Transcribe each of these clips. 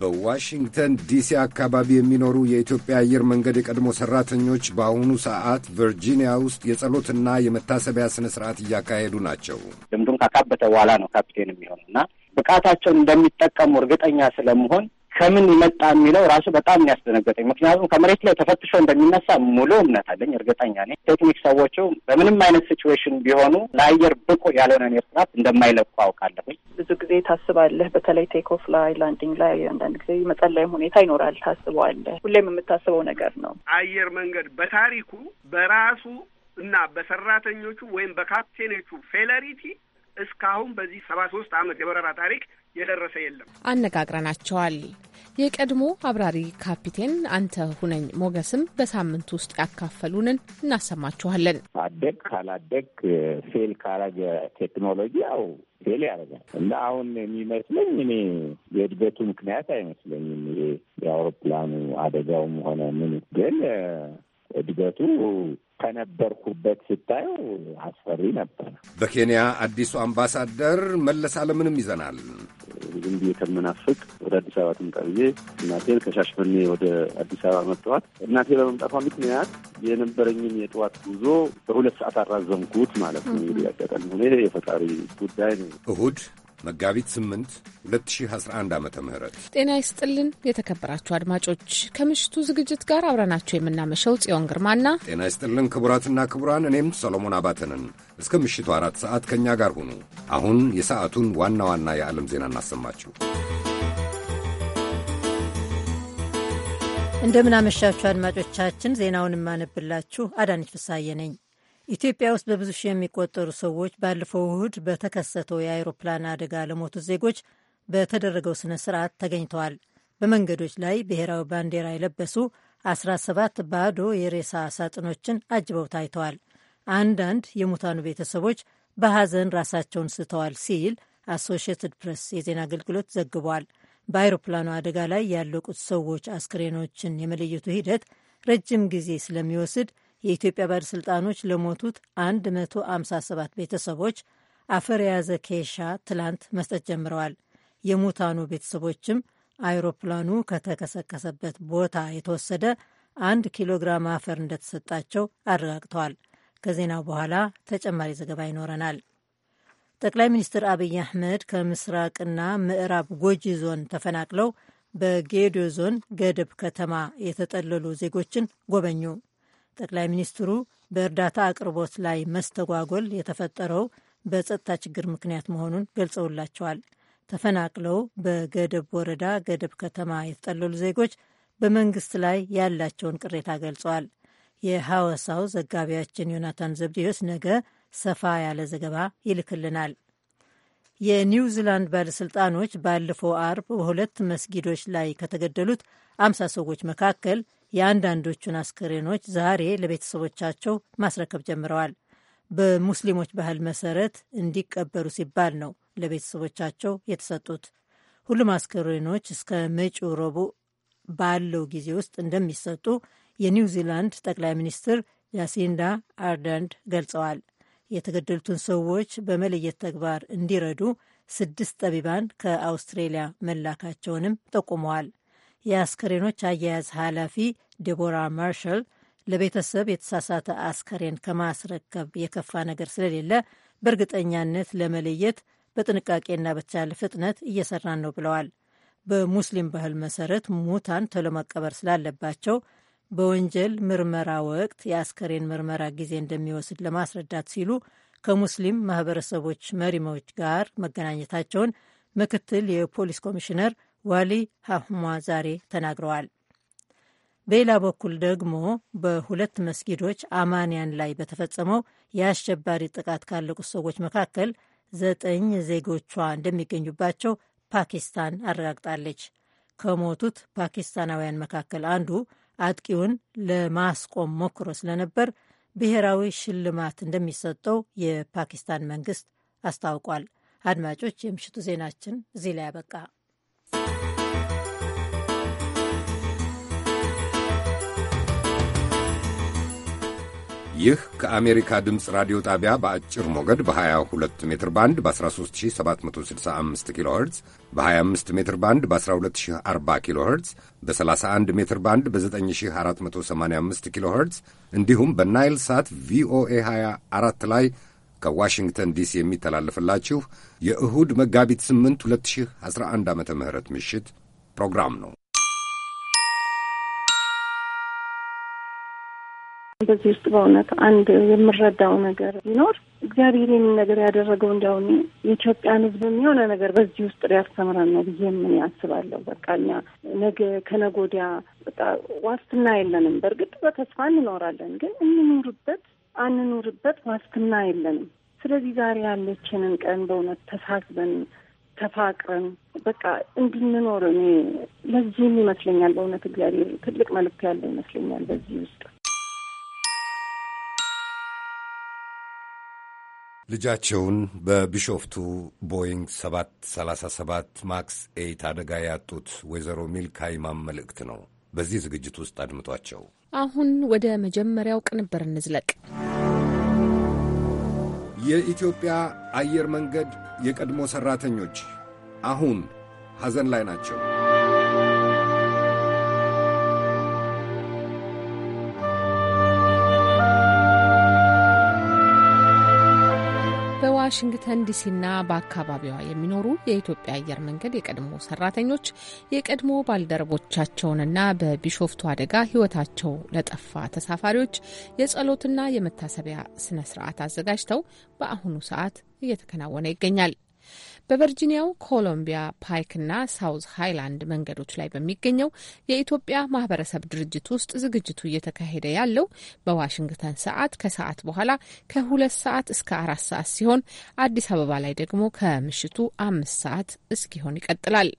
በዋሽንግተን ዲሲ አካባቢ የሚኖሩ የኢትዮጵያ አየር መንገድ የቀድሞ ሠራተኞች በአሁኑ ሰዓት ቨርጂኒያ ውስጥ የጸሎትና የመታሰቢያ ሥነ ሥርዓት እያካሄዱ ናቸው። ልምዱን ካካበተ በኋላ ነው ካፕቴን የሚሆኑ እና ብቃታቸውን እንደሚጠቀሙ እርግጠኛ ስለመሆን ከምን ይመጣ የሚለው ራሱ በጣም ያስደነገጠኝ። ምክንያቱም ከመሬት ላይ ተፈትሾ እንደሚነሳ ሙሉ እምነት አለኝ፣ እርግጠኛ ነኝ። ቴክኒክ ሰዎቹ በምንም አይነት ሲትዌሽን ቢሆኑ ለአየር ብቁ ያልሆነን ኤርክራፍት እንደማይለቁ አውቃለሁኝ። ብዙ ጊዜ ታስባለህ፣ በተለይ ቴክኦፍ ላይ ላንዲንግ ላይ አንዳንድ ጊዜ መጸለይም ሁኔታ ይኖራል። ታስበዋለህ፣ ሁሌም የምታስበው ነገር ነው። አየር መንገድ በታሪኩ በራሱ እና በሰራተኞቹ ወይም በካፕቴኖቹ ፌለሪቲ እስካሁን በዚህ ሰባ ሶስት አመት የበረራ ታሪክ የደረሰ የለም። አነጋግረናቸዋል። የቀድሞ አብራሪ ካፒቴን አንተ ሁነኝ ሞገስም በሳምንት ውስጥ ያካፈሉንን እናሰማችኋለን። አደግ ካላደግ ፌል ካረገ ቴክኖሎጂ ያው ፌል ያደርጋል እና አሁን የሚመስለኝ እኔ የእድገቱ ምክንያት አይመስለኝም። ይሄ የአውሮፕላኑ አደጋውም ሆነ ምን ግን እድገቱ ከነበርኩበት ስታየው አስፈሪ ነበር። በኬንያ አዲሱ አምባሳደር መለስ አለምንም ይዘናል። ዝም ብዬ ከምናፍቅ ወደ አዲስ አበባ ትምጣ ብዬ እናቴን ከሻሸመኔ ወደ አዲስ አበባ መጥተዋት እናቴ በመምጣቷ ምክንያት የነበረኝን የጠዋት ጉዞ በሁለት ሰዓት አራዘምኩት ማለት ነው። እንግዲህ ያጋጣሚ ሆነ የፈጣሪ ጉዳይ ነው። እሁድ መጋቢት 8 2011 ዓ ም ጤና ይስጥልን የተከበራችሁ አድማጮች፣ ከምሽቱ ዝግጅት ጋር አብረናችሁ የምናመሸው ጽዮን ግርማና ጤና ይስጥልን ክቡራትና ክቡራን፣ እኔም ሰሎሞን አባተንን እስከ ምሽቱ አራት ሰዓት ከእኛ ጋር ሁኑ። አሁን የሰዓቱን ዋና ዋና የዓለም ዜና እናሰማችሁ። እንደምናመሻችሁ አድማጮቻችን፣ ዜናውን የማነብላችሁ አዳነች ፍሳዬ ነኝ። ኢትዮጵያ ውስጥ በብዙ ሺህ የሚቆጠሩ ሰዎች ባለፈው እሁድ በተከሰተው የአውሮፕላን አደጋ ለሞቱት ዜጎች በተደረገው ስነ ስርዓት ተገኝተዋል። በመንገዶች ላይ ብሔራዊ ባንዲራ የለበሱ 17 ባዶ የሬሳ ሳጥኖችን አጅበው ታይተዋል። አንዳንድ የሙታኑ ቤተሰቦች በሐዘን ራሳቸውን ስተዋል ሲል አሶሺየትድ ፕሬስ የዜና አገልግሎት ዘግቧል። በአይሮፕላኑ አደጋ ላይ ያለቁት ሰዎች አስክሬኖችን የመለየቱ ሂደት ረጅም ጊዜ ስለሚወስድ የኢትዮጵያ ባለሥልጣኖች ለሞቱት 157 ቤተሰቦች አፈር የያዘ ኬሻ ትላንት መስጠት ጀምረዋል። የሙታኑ ቤተሰቦችም አይሮፕላኑ ከተከሰከሰበት ቦታ የተወሰደ አንድ ኪሎግራም አፈር እንደተሰጣቸው አረጋግጠዋል። ከዜናው በኋላ ተጨማሪ ዘገባ ይኖረናል። ጠቅላይ ሚኒስትር አብይ አህመድ ከምስራቅና ምዕራብ ጎጂ ዞን ተፈናቅለው በጌዶ ዞን ገደብ ከተማ የተጠለሉ ዜጎችን ጎበኙ። ጠቅላይ ሚኒስትሩ በእርዳታ አቅርቦት ላይ መስተጓጎል የተፈጠረው በጸጥታ ችግር ምክንያት መሆኑን ገልጸውላቸዋል። ተፈናቅለው በገደብ ወረዳ ገደብ ከተማ የተጠለሉ ዜጎች በመንግስት ላይ ያላቸውን ቅሬታ ገልጸዋል። የሐዋሳው ዘጋቢያችን ዮናታን ዘብዴዎስ ነገ ሰፋ ያለ ዘገባ ይልክልናል። የኒውዚላንድ ዚላንድ ባለሥልጣኖች ባለፈው አርብ በሁለት መስጊዶች ላይ ከተገደሉት አምሳ ሰዎች መካከል የአንዳንዶቹን አስከሬኖች ዛሬ ለቤተሰቦቻቸው ማስረከብ ጀምረዋል። በሙስሊሞች ባህል መሰረት እንዲቀበሩ ሲባል ነው ለቤተሰቦቻቸው የተሰጡት። ሁሉም አስከሬኖች እስከ መጪው ረቡዕ ባለው ጊዜ ውስጥ እንደሚሰጡ የኒው ዚላንድ ጠቅላይ ሚኒስትር ያሲንዳ አርደንድ ገልጸዋል። የተገደሉትን ሰዎች በመለየት ተግባር እንዲረዱ ስድስት ጠቢባን ከአውስትሬሊያ መላካቸውንም ጠቁመዋል። የአስከሬኖች አያያዝ ኃላፊ ዴቦራ ማርሻል ለቤተሰብ የተሳሳተ አስከሬን ከማስረከብ የከፋ ነገር ስለሌለ በእርግጠኛነት ለመለየት በጥንቃቄና በተቻለ ፍጥነት እየሰራን ነው ብለዋል። በሙስሊም ባህል መሰረት ሙታን ቶሎ መቀበር ስላለባቸው በወንጀል ምርመራ ወቅት የአስከሬን ምርመራ ጊዜ እንደሚወስድ ለማስረዳት ሲሉ ከሙስሊም ማህበረሰቦች መሪሞች ጋር መገናኘታቸውን ምክትል የፖሊስ ኮሚሽነር ዋሊ ሀሁማ ዛሬ ተናግረዋል። በሌላ በኩል ደግሞ በሁለት መስጊዶች አማንያን ላይ በተፈጸመው የአሸባሪ ጥቃት ካለቁት ሰዎች መካከል ዘጠኝ ዜጎቿ እንደሚገኙባቸው ፓኪስታን አረጋግጣለች። ከሞቱት ፓኪስታናውያን መካከል አንዱ አጥቂውን ለማስቆም ሞክሮ ስለነበር ብሔራዊ ሽልማት እንደሚሰጠው የፓኪስታን መንግስት አስታውቋል። አድማጮች፣ የምሽቱ ዜናችን እዚህ ላይ ያበቃ። ይህ ከአሜሪካ ድምፅ ራዲዮ ጣቢያ በአጭር ሞገድ በ22 ሜትር ባንድ በ13765 ኪሎ ኸርትዝ በ25 ሜትር ባንድ በ1240 ኪሎ ኸርትዝ በ31 ሜትር ባንድ በ9485 ኪሎ ኸርትዝ እንዲሁም በናይል ሳት ቪኦኤ 24 ላይ ከዋሽንግተን ዲሲ የሚተላለፍላችሁ የእሁድ መጋቢት 8 2011 ዓ ም ምሽት ፕሮግራም ነው። በዚህ ውስጥ በእውነት አንድ የምረዳው ነገር ቢኖር እግዚአብሔር ይህን ነገር ያደረገው እንዲያውም የኢትዮጵያን ሕዝብ የሆነ ነገር በዚህ ውስጥ ሊያስተምረን ነው ብዬ ምን ያስባለሁ። በቃ እኛ ነገ ከነገ ወዲያ በቃ ዋስትና የለንም። በእርግጥ በተስፋ እንኖራለን፣ ግን እንኑርበት አንኑርበት ዋስትና የለንም። ስለዚህ ዛሬ ያለችንን ቀን በእውነት ተሳስበን ተፋቅረን በቃ እንድንኖር እኔ ለዚህም ይመስለኛል በእውነት እግዚአብሔር ትልቅ መልክ ያለው ይመስለኛል በዚህ ውስጥ ልጃቸውን በቢሾፍቱ ቦይንግ 737 ማክስ ኤይት አደጋ ያጡት ወይዘሮ ሚልካ ይማም መልእክት ነው። በዚህ ዝግጅት ውስጥ አድምጧቸው። አሁን ወደ መጀመሪያው ቅንብር እንዝለቅ። የኢትዮጵያ አየር መንገድ የቀድሞ ሠራተኞች አሁን ሐዘን ላይ ናቸው። በዋሽንግተን ዲሲና በአካባቢዋ የሚኖሩ የኢትዮጵያ አየር መንገድ የቀድሞ ሰራተኞች የቀድሞ ባልደረቦቻቸውንና በቢሾፍቱ አደጋ ሕይወታቸው ለጠፋ ተሳፋሪዎች የጸሎትና የመታሰቢያ ስነ ስርዓት አዘጋጅተው በአሁኑ ሰዓት እየተከናወነ ይገኛል። በቨርጂኒያው ኮሎምቢያ ፓይክና ሳውዝ ሃይላንድ መንገዶች ላይ በሚገኘው የኢትዮጵያ ማህበረሰብ ድርጅት ውስጥ ዝግጅቱ እየተካሄደ ያለው በዋሽንግተን ሰዓት ከሰዓት በኋላ ከሁለት ሰዓት እስከ አራት ሰዓት ሲሆን አዲስ አበባ ላይ ደግሞ ከምሽቱ አምስት ሰዓት እስኪሆን ይቀጥላል።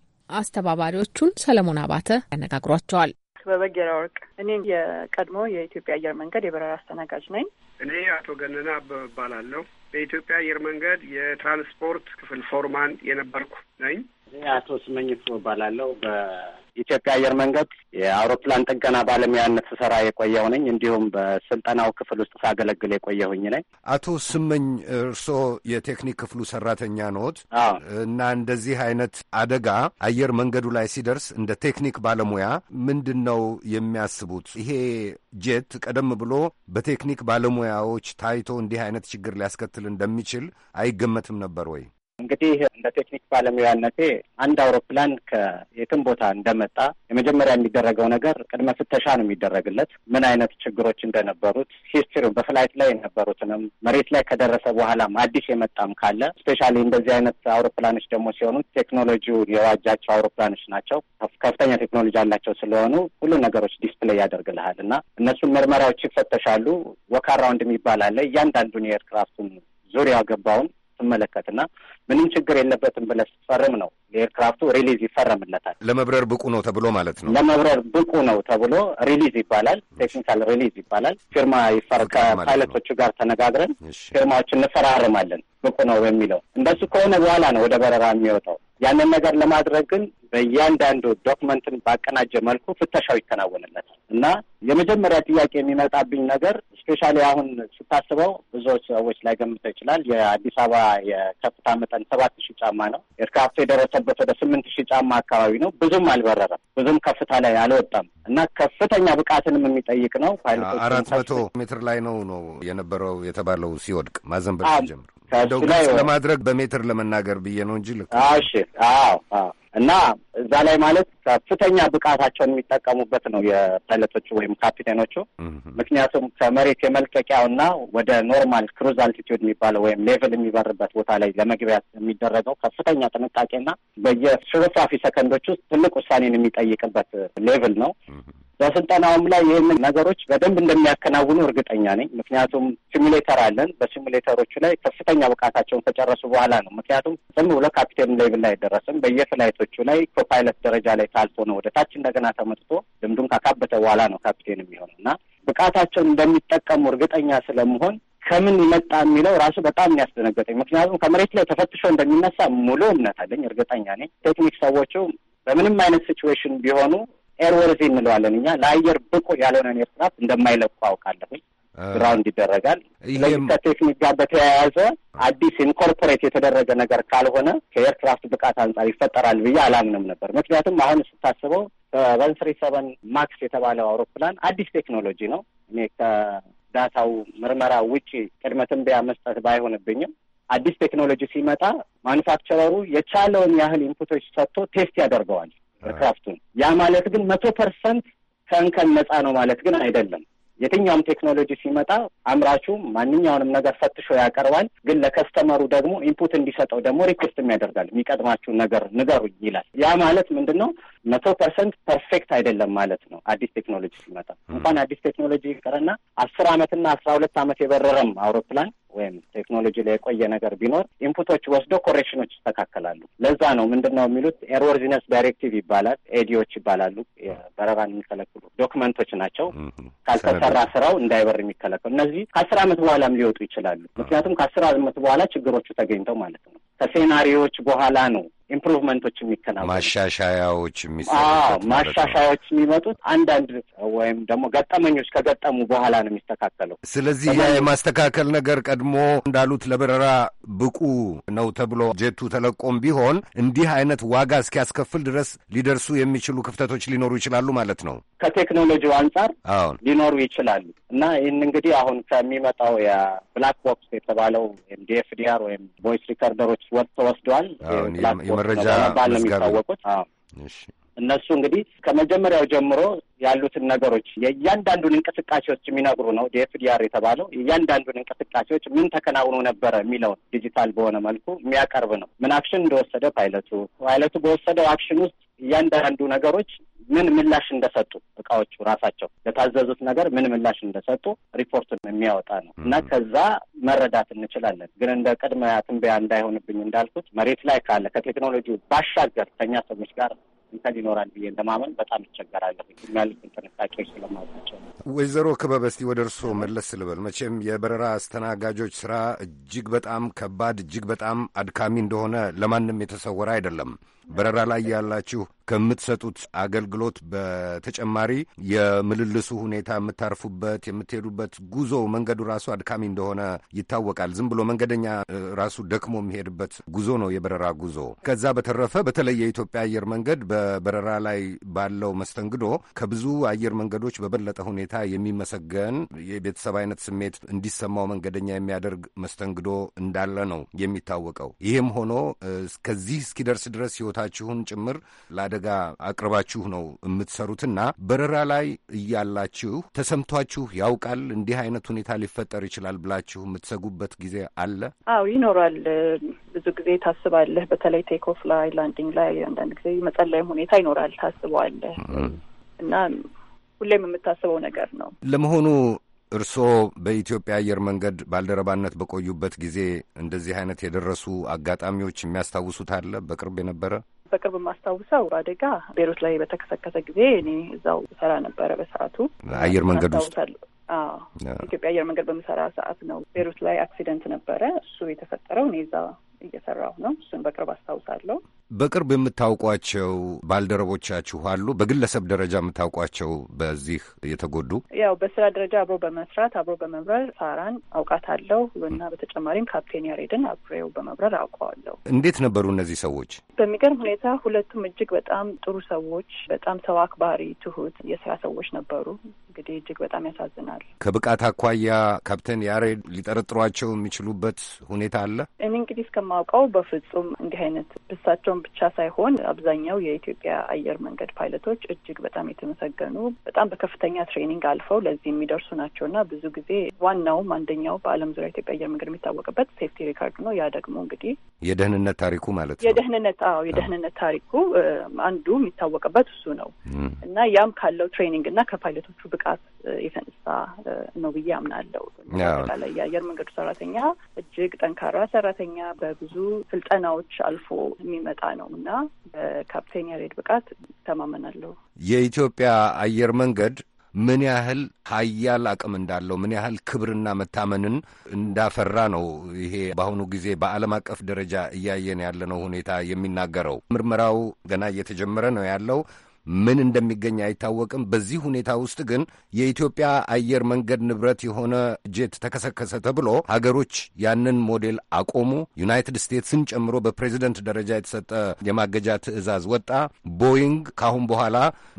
አስተባባሪዎቹን ሰለሞን አባተ ያነጋግሯቸዋል። በበጌራ ወርቅ እኔ የቀድሞ የኢትዮጵያ አየር መንገድ የበረራ አስተናጋጅ ነኝ። እኔ አቶ ገነና እባላለሁ። የኢትዮጵያ አየር መንገድ የትራንስፖርት ክፍል ፎርማን የነበርኩ ነኝ። አቶ ስመኝ እባላለሁ። የኢትዮጵያ አየር መንገድ የአውሮፕላን ጥገና ባለሙያነት ስሰራ የቆየው ነኝ። እንዲሁም በስልጠናው ክፍል ውስጥ ሳገለግል የቆየሁኝ ነኝ። አቶ ስመኝ እርስዎ የቴክኒክ ክፍሉ ሰራተኛ ኖት እና እንደዚህ አይነት አደጋ አየር መንገዱ ላይ ሲደርስ እንደ ቴክኒክ ባለሙያ ምንድን ነው የሚያስቡት? ይሄ ጄት ቀደም ብሎ በቴክኒክ ባለሙያዎች ታይቶ እንዲህ አይነት ችግር ሊያስከትል እንደሚችል አይገመትም ነበር ወይ? እንግዲህ እንደ ቴክኒክ ባለሙያነቴ አንድ አውሮፕላን ከየትም ቦታ እንደመጣ የመጀመሪያ የሚደረገው ነገር ቅድመ ፍተሻ ነው የሚደረግለት። ምን አይነት ችግሮች እንደነበሩት ሂስትሪው፣ በፍላይት ላይ የነበሩትንም መሬት ላይ ከደረሰ በኋላም አዲስ የመጣም ካለ ስፔሻሊ እንደዚህ አይነት አውሮፕላኖች ደግሞ ሲሆኑ ቴክኖሎጂው የዋጃቸው አውሮፕላኖች ናቸው። ከፍተኛ ቴክኖሎጂ አላቸው ስለሆኑ ሁሉ ነገሮች ዲስፕሌይ ያደርግልሃል እና እነሱን ምርመራዎች ይፈተሻሉ። ወካራውንድ የሚባል አለ። እያንዳንዱን የኤርክራፍቱን ዙሪያ ገባውን ስትመለከት እና ምንም ችግር የለበትም ብለህ ስትፈርም ነው ኤርክራፍቱ ሪሊዝ ይፈረምለታል። ለመብረር ብቁ ነው ተብሎ ማለት ነው። ለመብረር ብቁ ነው ተብሎ ሪሊዝ ይባላል። ቴክኒካል ሪሊዝ ይባላል። ፊርማ ይፈር ከፓይለቶቹ ጋር ተነጋግረን ፊርማዎች እንፈራርማለን ብቁ ነው የሚለው። እንደሱ ከሆነ በኋላ ነው ወደ በረራ የሚወጣው። ያንን ነገር ለማድረግ ግን በእያንዳንዱ ዶክመንትን ባቀናጀ መልኩ ፍተሻው ይከናወንለታል እና የመጀመሪያ ጥያቄ የሚመጣብኝ ነገር ስፔሻሊ አሁን ስታስበው ብዙዎች ሰዎች ላይገምተው ይችላል። የአዲስ አበባ የከፍታ መጠን ሰባት ሺህ ጫማ ነው። ኤርክራፍቱ የደረሰበት ወደ ስምንት ሺህ ጫማ አካባቢ ነው። ብዙም አልበረረም፣ ብዙም ከፍታ ላይ አልወጣም እና ከፍተኛ ብቃትንም የሚጠይቅ ነው። ፓይለቶች አራት መቶ ሜትር ላይ ነው ነው የነበረው የተባለው ሲወድቅ ማዘንበር ጀምሮ እንደው ግልጽ ለማድረግ በሜትር ለመናገር ብዬ ነው እንጂ ልክ። እሺ። አዎ፣ አዎ እና እዛ ላይ ማለት ከፍተኛ ብቃታቸውን የሚጠቀሙበት ነው የፓይለቶቹ ወይም ካፒቴኖቹ። ምክንያቱም ከመሬት የመልቀቂያውና ወደ ኖርማል ክሩዝ አልቲቱድ የሚባለው ወይም ሌቭል የሚበርበት ቦታ ላይ ለመግቢያ የሚደረገው ከፍተኛ ጥንቃቄና በየሽርፍራፊ ሰከንዶች ውስጥ ትልቅ ውሳኔን የሚጠይቅበት ሌቭል ነው። በስልጠናውም ላይ ይህንን ነገሮች በደንብ እንደሚያከናውኑ እርግጠኛ ነኝ። ምክንያቱም ሲሙሌተር አለን። በሲሙሌተሮቹ ላይ ከፍተኛ ብቃታቸውን ከጨረሱ በኋላ ነው። ምክንያቱም ዝም ብሎ ካፒቴን ሌቭል ላይ አይደረስም። በየፍላይቶ ሌሎቹ ላይ ፓይለት ደረጃ ላይ ታልፎ ነው ወደ ታች እንደገና ተመጥቶ ልምዱን ካካበተ በኋላ ነው ካፕቴን የሚሆነው እና ብቃታቸውን እንደሚጠቀሙ እርግጠኛ ስለመሆን ከምን ይመጣ የሚለው ራሱ በጣም የሚያስደነገጠኝ፣ ምክንያቱም ከመሬት ላይ ተፈትሾ እንደሚነሳ ሙሉ እምነት አለኝ፣ እርግጠኛ ነኝ። ቴክኒክ ሰዎቹ በምንም አይነት ሲችዌሽን ቢሆኑ ኤርወርዚ እንለዋለን እኛ ለአየር ብቁ ያልሆነን ኤርክራፍት እንደማይለቁ አውቃለሁኝ። ግራውንድ ይደረጋል። ስለዚህ ከቴክኒክ ጋር በተያያዘ አዲስ ኢንኮርፖሬት የተደረገ ነገር ካልሆነ ከኤርክራፍት ብቃት አንጻር ይፈጠራል ብዬ አላምንም ነበር። ምክንያቱም አሁን ስታስበው በወን ስሪ ሰቨን ማክስ የተባለው አውሮፕላን አዲስ ቴክኖሎጂ ነው። እኔ ከዳታው ምርመራ ውጪ ቅድመ ትንበያ መስጠት ባይሆንብኝም አዲስ ቴክኖሎጂ ሲመጣ ማኑፋክቸረሩ የቻለውን ያህል ኢንፑቶች ሰጥቶ ቴስት ያደርገዋል ኤርክራፍቱን። ያ ማለት ግን መቶ ፐርሰንት ከእንከን ነፃ ነው ማለት ግን አይደለም። የትኛውም ቴክኖሎጂ ሲመጣ አምራቹ ማንኛውንም ነገር ፈትሾ ያቀርባል። ግን ለከስተመሩ ደግሞ ኢንፑት እንዲሰጠው ደግሞ ሪኩዌስትም ያደርጋል። የሚቀድማችሁን ነገር ንገሩ ይላል። ያ ማለት ምንድን ነው? መቶ ፐርሰንት ፐርፌክት አይደለም ማለት ነው። አዲስ ቴክኖሎጂ ሲመጣ እንኳን አዲስ ቴክኖሎጂ ይቅርና አስር አመትና አስራ ሁለት አመት የበረረም አውሮፕላን ወይም ቴክኖሎጂ ላይ የቆየ ነገር ቢኖር ኢንፑቶች ወስዶ ኮሬክሽኖች ይስተካከላሉ። ለዛ ነው ምንድን ነው የሚሉት ኤርወርዚነስ ዳይሬክቲቭ ይባላል። ኤዲዎች ይባላሉ። በረራን የሚከለክሉ ዶክመንቶች ናቸው። ካልተሰራ ስራው እንዳይበር የሚከለክሉ እነዚህ ከአስር አመት በኋላም ሊወጡ ይችላሉ። ምክንያቱም ከአስር አመት በኋላ ችግሮቹ ተገኝተው ማለት ነው ከሴናሪዎች በኋላ ነው ኢምፕሩቭመንቶች የሚከናወኑ ማሻሻያዎች ማሻሻያዎች የሚመጡት አንዳንድ ወይም ደግሞ ገጠመኞች ከገጠሙ በኋላ ነው የሚስተካከለው። ስለዚህ ያ የማስተካከል ነገር ቀድሞ እንዳሉት ለበረራ ብቁ ነው ተብሎ ጀቱ ተለቆም ቢሆን እንዲህ አይነት ዋጋ እስኪያስከፍል ድረስ ሊደርሱ የሚችሉ ክፍተቶች ሊኖሩ ይችላሉ ማለት ነው። ከቴክኖሎጂው አንጻር ሊኖሩ ይችላሉ እና ይህን እንግዲህ አሁን ከሚመጣው የብላክ ቦክስ የተባለው ዲኤፍዲአር ወይም ቮይስ ሪከርደሮች ወጥተወስደዋል መረጃ በመባል የሚታወቁት። እነሱ እንግዲህ ከመጀመሪያው ጀምሮ ያሉትን ነገሮች የእያንዳንዱን እንቅስቃሴዎች የሚነግሩ ነው። ዲኤፍዲአር የተባለው የእያንዳንዱን እንቅስቃሴዎች ምን ተከናውኖ ነበረ የሚለውን ዲጂታል በሆነ መልኩ የሚያቀርብ ነው። ምን አክሽን እንደወሰደ ፓይለቱ ፓይለቱ በወሰደው አክሽን ውስጥ እያንዳንዱ ነገሮች ምን ምላሽ እንደሰጡ እቃዎቹ ራሳቸው ለታዘዙት ነገር ምን ምላሽ እንደሰጡ ሪፖርቱን የሚያወጣ ነው እና ከዛ መረዳት እንችላለን። ግን እንደ ቅድመ ትንበያ እንዳይሆንብኝ እንዳልኩት መሬት ላይ ካለ ከቴክኖሎጂ ባሻገር ከኛ ሰዎች ጋር እንትን ይኖራል ብዬ እንደማመን በጣም ይቸገራለሁ። የሚያሉትን ጥንቃቄዎች ስለማውቃቸው። ወይዘሮ ክበብ እስቲ ወደ እርስዎ መለስ ስልበል። መቼም የበረራ አስተናጋጆች ስራ እጅግ በጣም ከባድ፣ እጅግ በጣም አድካሚ እንደሆነ ለማንም የተሰወረ አይደለም። በረራ ላይ ያላችሁ ከምትሰጡት አገልግሎት በተጨማሪ የምልልሱ ሁኔታ የምታርፉበት፣ የምትሄዱበት ጉዞ መንገዱ ራሱ አድካሚ እንደሆነ ይታወቃል። ዝም ብሎ መንገደኛ ራሱ ደክሞ የሚሄድበት ጉዞ ነው የበረራ ጉዞ። ከዛ በተረፈ በተለይ የኢትዮጵያ አየር መንገድ በበረራ ላይ ባለው መስተንግዶ ከብዙ አየር መንገዶች በበለጠ ሁኔታ የሚመሰገን የቤተሰብ አይነት ስሜት እንዲሰማው መንገደኛ የሚያደርግ መስተንግዶ እንዳለ ነው የሚታወቀው። ይህም ሆኖ እስከዚህ እስኪደርስ ድረስ ህይወት ሕይወታችሁን ጭምር ለአደጋ አቅርባችሁ ነው የምትሰሩትና በረራ ላይ እያላችሁ ተሰምቷችሁ ያውቃል? እንዲህ አይነት ሁኔታ ሊፈጠር ይችላል ብላችሁ የምትሰጉበት ጊዜ አለ? አዎ ይኖራል። ብዙ ጊዜ ታስባለህ። በተለይ ቴክኦፍ ላይ ላንዲንግ ላይ አንዳንድ ጊዜ መጸለይም ሁኔታ ይኖራል። ታስበዋለህ እና ሁሌም የምታስበው ነገር ነው። ለመሆኑ እርስዎ በኢትዮጵያ አየር መንገድ ባልደረባነት በቆዩበት ጊዜ እንደዚህ አይነት የደረሱ አጋጣሚዎች የሚያስታውሱት አለ? በቅርብ የነበረ በቅርብ የማስታውሰው አደጋ ቤሩት ላይ በተከሰከሰ ጊዜ እኔ እዛው ሰራ ነበረ። በሰዓቱ አየር መንገድ ውስጥ ኢትዮጵያ አየር መንገድ በምሰራ ሰዓት ነው። ቤሩት ላይ አክሲደንት ነበረ። እሱ የተፈጠረው እኔ እዛ እየሰራሁ ነው። እሱን በቅርብ አስታውሳለሁ። በቅርብ የምታውቋቸው ባልደረቦቻችሁ አሉ? በግለሰብ ደረጃ የምታውቋቸው በዚህ የተጎዱ? ያው በስራ ደረጃ አብሮ በመስራት አብሮ በመብረር ሳራን አውቃታለሁ እና በተጨማሪም ካፕቴን ያሬድን አብሬው በመብረር አውቀዋለሁ። እንዴት ነበሩ እነዚህ ሰዎች? በሚገርም ሁኔታ ሁለቱም እጅግ በጣም ጥሩ ሰዎች፣ በጣም ሰው አክባሪ፣ ትሁት የስራ ሰዎች ነበሩ። እንግዲህ እጅግ በጣም ያሳዝናል። ከብቃት አኳያ ካፕቴን ያሬድ ሊጠረጥሯቸው የሚችሉበት ሁኔታ አለ? እኔ እንግዲህ እስከ እንደማውቀው በፍጹም እንዲህ አይነት ብሳቸውን ብቻ ሳይሆን አብዛኛው የኢትዮጵያ አየር መንገድ ፓይለቶች እጅግ በጣም የተመሰገኑ በጣም በከፍተኛ ትሬኒንግ አልፈው ለዚህ የሚደርሱ ናቸው እና ብዙ ጊዜ ዋናውም አንደኛው በዓለም ዙሪያ ኢትዮጵያ አየር መንገድ የሚታወቅበት ሴፍቲ ሪካርድ ነው። ያ ደግሞ እንግዲህ የደህንነት ታሪኩ ማለት ነው። የደህንነት አዎ፣ የደህንነት ታሪኩ አንዱ የሚታወቅበት እሱ ነው እና ያም ካለው ትሬኒንግ እና ከፓይለቶቹ ብቃት የተነሳ ነው ብዬ አምናለሁ። አጠቃላይ የአየር መንገዱ ሰራተኛ እጅግ ጠንካራ ሰራተኛ በብዙ ስልጠናዎች አልፎ የሚመጣ ነው እና በካፕቴን ያሬድ ብቃት ተማመናለሁ። የኢትዮጵያ አየር መንገድ ምን ያህል ሀያል አቅም እንዳለው ምን ያህል ክብርና መታመንን እንዳፈራ ነው ይሄ በአሁኑ ጊዜ በዓለም አቀፍ ደረጃ እያየን ያለነው ሁኔታ የሚናገረው። ምርመራው ገና እየተጀመረ ነው ያለው። ምን እንደሚገኝ አይታወቅም። በዚህ ሁኔታ ውስጥ ግን የኢትዮጵያ አየር መንገድ ንብረት የሆነ ጄት ተከሰከሰ ተብሎ ሀገሮች ያንን ሞዴል አቆሙ። ዩናይትድ ስቴትስን ጨምሮ በፕሬዚደንት ደረጃ የተሰጠ የማገጃ ትዕዛዝ ወጣ። ቦይንግ ካሁን በኋላ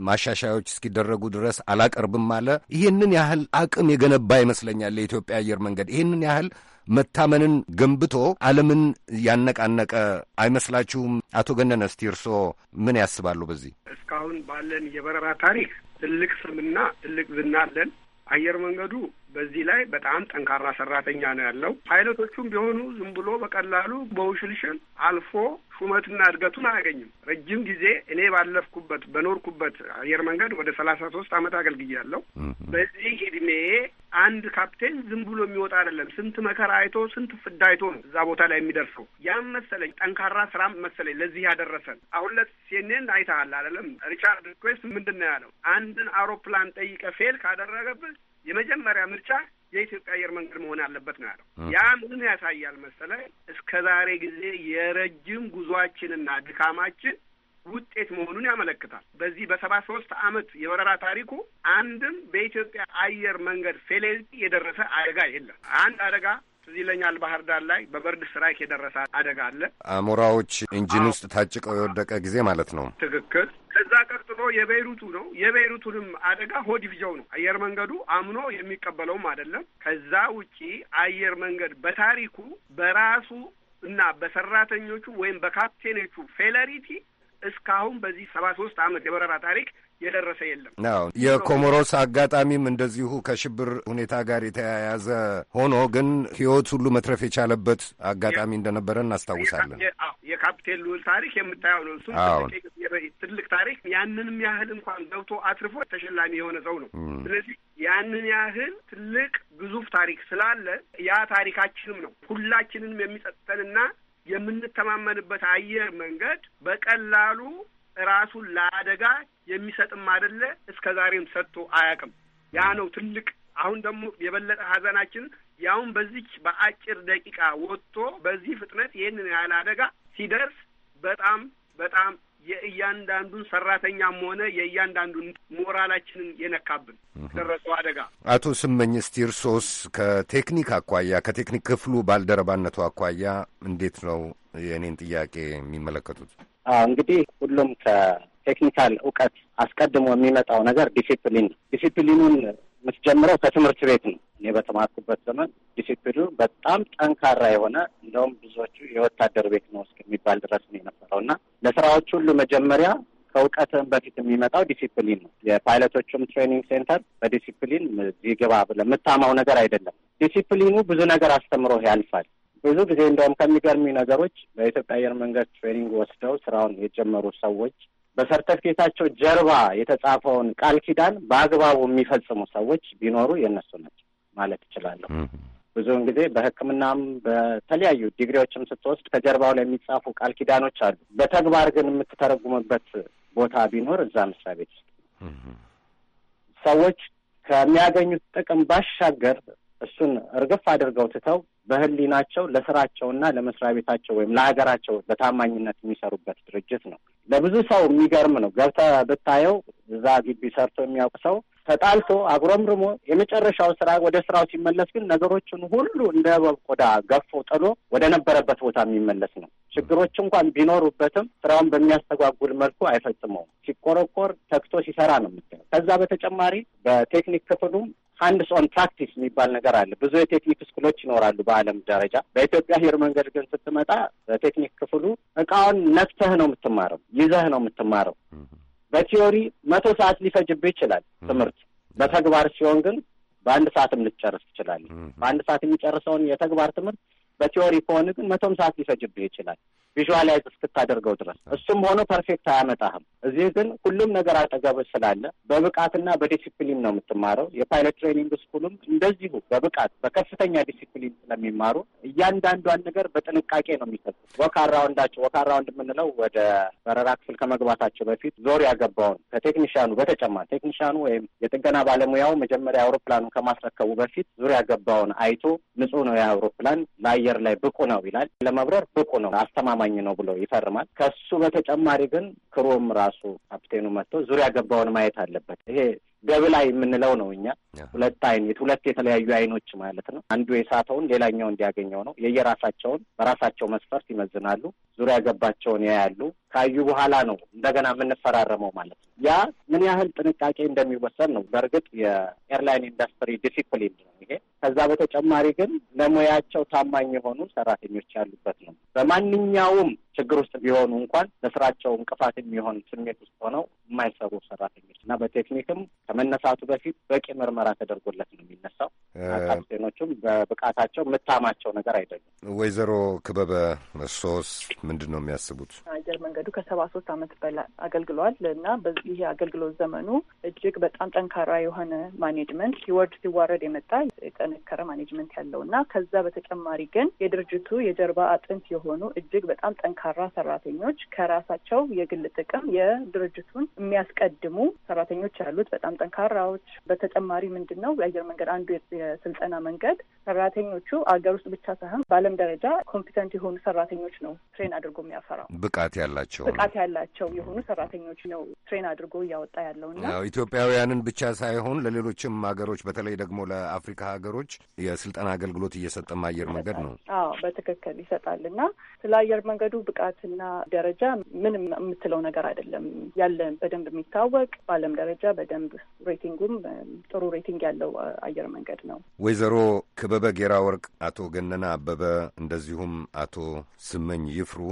ማሻሻዮች እስኪደረጉ ድረስ አላቀርብም አለ። ይህንን ያህል አቅም የገነባ ይመስለኛል ለኢትዮጵያ አየር መንገድ ይህንን ያህል መታመንን ገንብቶ ዓለምን ያነቃነቀ አይመስላችሁም? አቶ ገነነ እስቲ እርስዎ ምን ያስባሉ? በዚህ እስካሁን ባለን የበረራ ታሪክ ትልቅ ስምና ትልቅ ዝና አለን። አየር መንገዱ በዚህ ላይ በጣም ጠንካራ ሰራተኛ ነው ያለው። ፓይለቶቹም ቢሆኑ ዝም ብሎ በቀላሉ በውሽልሽል አልፎ ሹመትና እድገቱን አያገኝም። ረጅም ጊዜ እኔ ባለፍኩበት በኖርኩበት አየር መንገድ ወደ ሰላሳ ሶስት አመት አገልግያለሁ። በዚህ እድሜ አንድ ካፕቴን ዝም ብሎ የሚወጣ አይደለም። ስንት መከራ አይቶ ስንት ፍዳ አይቶ ነው እዛ ቦታ ላይ የሚደርሰው። ያም መሰለኝ ጠንካራ ስራም መሰለኝ ለዚህ ያደረሰን። አሁን ለት ሴኔን አይተሃል አይደለም? ሪቻርድ ሪኩዌስት ምንድን ነው ያለው? አንድን አውሮፕላን ጠይቀ ፌል ካደረገብህ የመጀመሪያ ምርጫ የኢትዮጵያ አየር መንገድ መሆን አለበት ነው ያለው። ያ ምንም ያሳያል መሰለ እስከ ዛሬ ጊዜ የረጅም ጉዟችንና ድካማችን ውጤት መሆኑን ያመለክታል። በዚህ በሰባ ሶስት አመት የበረራ ታሪኩ አንድም በኢትዮጵያ አየር መንገድ ፌሌዚ የደረሰ አደጋ የለም። አንድ አደጋ ትዝ ይለኛል ባህር ዳር ላይ በበርድ ስትራይክ የደረሰ አደጋ አለ። አሞራዎች ኢንጂን ውስጥ ታጭቀው የወደቀ ጊዜ ማለት ነው። ትክክል። እዛ ቀጥሎ የቤይሩቱ ነው። የቤይሩቱንም አደጋ ሆድ ነው። አየር መንገዱ አምኖ የሚቀበለውም አይደለም። ከዛ ውጪ አየር መንገድ በታሪኩ በራሱ እና በሰራተኞቹ ወይም በካፕቴኖቹ ፌለሪቲ እስካሁን በዚህ ሰባ ሶስት አመት የበረራ ታሪክ የደረሰ የለም። አዎ የኮሞሮስ አጋጣሚም እንደዚሁ ከሽብር ሁኔታ ጋር የተያያዘ ሆኖ ግን ህይወት ሁሉ መትረፍ የቻለበት አጋጣሚ እንደነበረ እናስታውሳለን። የካፕቴን ልዑል ታሪክ የምታየው ነው። እሱም ትልቅ ታሪክ ያንንም ያህል እንኳን ገብቶ አትርፎ ተሸላሚ የሆነ ሰው ነው። ስለዚህ ያንን ያህል ትልቅ ግዙፍ ታሪክ ስላለ ያ ታሪካችንም ነው ሁላችንንም የሚጸጥተንና የምንተማመንበት አየር መንገድ በቀላሉ ራሱን ለአደጋ የሚሰጥም አይደለ እስከ ዛሬም ሰጥቶ አያውቅም። ያ ነው ትልቅ አሁን ደግሞ የበለጠ ሀዘናችን ያውን በዚች በአጭር ደቂቃ ወጥቶ በዚህ ፍጥነት ይህንን ያህል አደጋ ሲደርስ በጣም በጣም የእያንዳንዱን ሰራተኛም ሆነ የእያንዳንዱን ሞራላችንን የነካብን ደረሰው አደጋ። አቶ ስመኝ እስቲ እርሶስ ከቴክኒክ አኳያ ከቴክኒክ ክፍሉ ባልደረባነቱ አኳያ እንዴት ነው የእኔን ጥያቄ የሚመለከቱት? እንግዲህ ሁሉም ከቴክኒካል እውቀት አስቀድሞ የሚመጣው ነገር ዲሲፕሊን ነው። ዲሲፕሊኑን የምትጀምረው ከትምህርት ቤት ነው። እኔ በተማርኩበት ዘመን ዲሲፕሊኑ በጣም ጠንካራ የሆነ እንደውም ብዙዎቹ የወታደር ቤት ነው እስከሚባል ድረስ ነው የነበረው እና ለስራዎች ሁሉ መጀመሪያ ከእውቀትም በፊት የሚመጣው ዲሲፕሊን ነው። የፓይለቶቹም ትሬኒንግ ሴንተር በዲሲፕሊን ዚግባ ብለህ የምታማው ነገር አይደለም። ዲሲፕሊኑ ብዙ ነገር አስተምሮ ያልፋል። ብዙ ጊዜ እንደውም ከሚገርሚ ነገሮች በኢትዮጵያ አየር መንገድ ትሬኒንግ ወስደው ስራውን የጀመሩ ሰዎች በሰርተፊኬታቸው ጀርባ የተጻፈውን ቃል ኪዳን በአግባቡ የሚፈጽሙ ሰዎች ቢኖሩ የእነሱ ናቸው ማለት እችላለሁ። ብዙውን ጊዜ በሕክምናም በተለያዩ ዲግሪዎችም ስትወስድ ከጀርባው ላይ የሚጻፉ ቃል ኪዳኖች አሉ። በተግባር ግን የምትተረጉምበት ቦታ ቢኖር እዛ መስሪያ ቤት ሰዎች ከሚያገኙት ጥቅም ባሻገር እሱን እርግፍ አድርገው ትተው በህሊናቸው ለስራቸውና ለመስሪያ ቤታቸው ወይም ለሀገራቸው በታማኝነት የሚሰሩበት ድርጅት ነው። ለብዙ ሰው የሚገርም ነው። ገብተህ ብታየው እዛ ግቢ ሰርቶ የሚያውቅ ሰው ተጣልቶ አጉረምርሞ የመጨረሻው ስራ ወደ ስራው ሲመለስ ግን ነገሮችን ሁሉ እንደ እባብ ቆዳ ገፎ ጥሎ ወደ ነበረበት ቦታ የሚመለስ ነው። ችግሮች እንኳን ቢኖሩበትም ስራውን በሚያስተጓጉል መልኩ አይፈጽመውም። ሲቆረቆር ተክቶ ሲሰራ ነው የምትለው። ከዛ በተጨማሪ በቴክኒክ ክፍሉም ሃንድስ ኦን ፕራክቲስ የሚባል ነገር አለ። ብዙ የቴክኒክ ስኩሎች ይኖራሉ በዓለም ደረጃ። በኢትዮጵያ አየር መንገድ ግን ስትመጣ በቴክኒክ ክፍሉ እቃውን ነክተህ ነው የምትማረው፣ ይዘህ ነው የምትማረው። በቲዮሪ መቶ ሰዓት ሊፈጅብህ ይችላል ትምህርት። በተግባር ሲሆን ግን በአንድ ሰዓትም ልትጨርስ ትችላለህ። በአንድ ሰዓት የሚጨርሰውን የተግባር ትምህርት በቲዮሪ ከሆነ ግን መቶም ሰዓት ሊፈጅብህ ይችላል። ቪዥዋላይዝ እስክታደርገው ድረስ እሱም ሆኖ ፐርፌክት አያመጣህም። እዚህ ግን ሁሉም ነገር አጠገብህ ስላለ በብቃትና በዲሲፕሊን ነው የምትማረው። የፓይለት ትሬኒንግ ስኩሉም እንደዚሁ በብቃት በከፍተኛ ዲሲፕሊን ስለሚማሩ እያንዳንዷን ነገር በጥንቃቄ ነው የሚሰጡ። ወክ አራውንዳቸው ወክ አራውንድ የምንለው ወደ በረራ ክፍል ከመግባታቸው በፊት ዞር ያገባውን ከቴክኒሽያኑ በተጨማሪ ቴክኒሽያኑ ወይም የጥገና ባለሙያው መጀመሪያ አውሮፕላኑ ከማስረከቡ በፊት ዙር ያገባውን አይቶ ንጹህ ነው የአውሮፕላን ለአየር ላይ ብቁ ነው ይላል። ለመብረር ብቁ ነው አስተማ ታማኝ ነው ብሎ ይፈርማል። ከሱ በተጨማሪ ግን ክሩም ራሱ ካፕቴኑ መጥቶ ዙሪያ ገባውን ማየት አለበት። ይሄ ደብል አይ የምንለው ነው እኛ። ሁለት አይነት ሁለት የተለያዩ አይኖች ማለት ነው። አንዱ የሳተውን ሌላኛው እንዲያገኘው ነው። የየራሳቸውን በራሳቸው መስፈርት ይመዝናሉ። ዙሪያ ገባቸውን ያያሉ። ካዩ በኋላ ነው እንደገና የምንፈራረመው ማለት ነው። ያ ምን ያህል ጥንቃቄ እንደሚወሰድ ነው። በእርግጥ የኤርላይን ኢንዱስትሪ ዲሲፕሊን ነው ይሄ። ከዛ በተጨማሪ ግን ለሙያቸው ታማኝ የሆኑ ሰራተኞች ያሉበት ነው። በማንኛውም ችግር ውስጥ ቢሆኑ እንኳን ለስራቸው እንቅፋት የሚሆን ስሜት ውስጥ ሆነው የማይሰሩ ሰራተኞች እና በቴክኒክም ከመነሳቱ በፊት በቂ ምርመራ ተደርጎለት ነው የሚነሳው። ካፕቴኖቹም በብቃታቸው የምታማቸው ነገር አይደለም። ወይዘሮ ክበበ ሶስ ምንድን ነው የሚያስቡት? አየር መንገዱ ከሰባ ሶስት አመት በላይ አገልግሏል እና ይሄ አገልግሎት ዘመኑ እጅግ በጣም ጠንካራ የሆነ ማኔጅመንት ሲወርድ ሲዋረድ የመጣ የጠነከረ ማኔጅመንት ያለው እና ከዛ በተጨማሪ ግን የድርጅቱ የጀርባ አጥንት የሆኑ እጅግ በጣም ጠንካ ጠንካራ ሰራተኞች ከራሳቸው የግል ጥቅም የድርጅቱን የሚያስቀድሙ ሰራተኞች ያሉት በጣም ጠንካራዎች። በተጨማሪ ምንድን ነው የአየር መንገድ አንዱ የስልጠና መንገድ ሰራተኞቹ አገር ውስጥ ብቻ ሳይሆን በዓለም ደረጃ ኮምፒተንት የሆኑ ሰራተኞች ነው ትሬን አድርጎ የሚያፈራው። ብቃት ያላቸው ብቃት ያላቸው የሆኑ ሰራተኞች ነው ትሬን አድርጎ እያወጣ ያለው እና ኢትዮጵያውያንን ብቻ ሳይሆን ለሌሎችም ሀገሮች በተለይ ደግሞ ለአፍሪካ ሀገሮች የስልጠና አገልግሎት እየሰጠም አየር መንገድ ነው። አዎ በትክክል ይሰጣል እና ስለ አየር መንገዱ ብቃትና ደረጃ ምንም የምትለው ነገር አይደለም። ያለ በደንብ የሚታወቅ በዓለም ደረጃ በደንብ ሬቲንጉም ጥሩ ሬቲንግ ያለው አየር መንገድ ነው። ወይዘሮ ክበበ ጌራ ወርቅ፣ አቶ ገነና አበበ እንደዚሁም አቶ ስመኝ ይፍሩ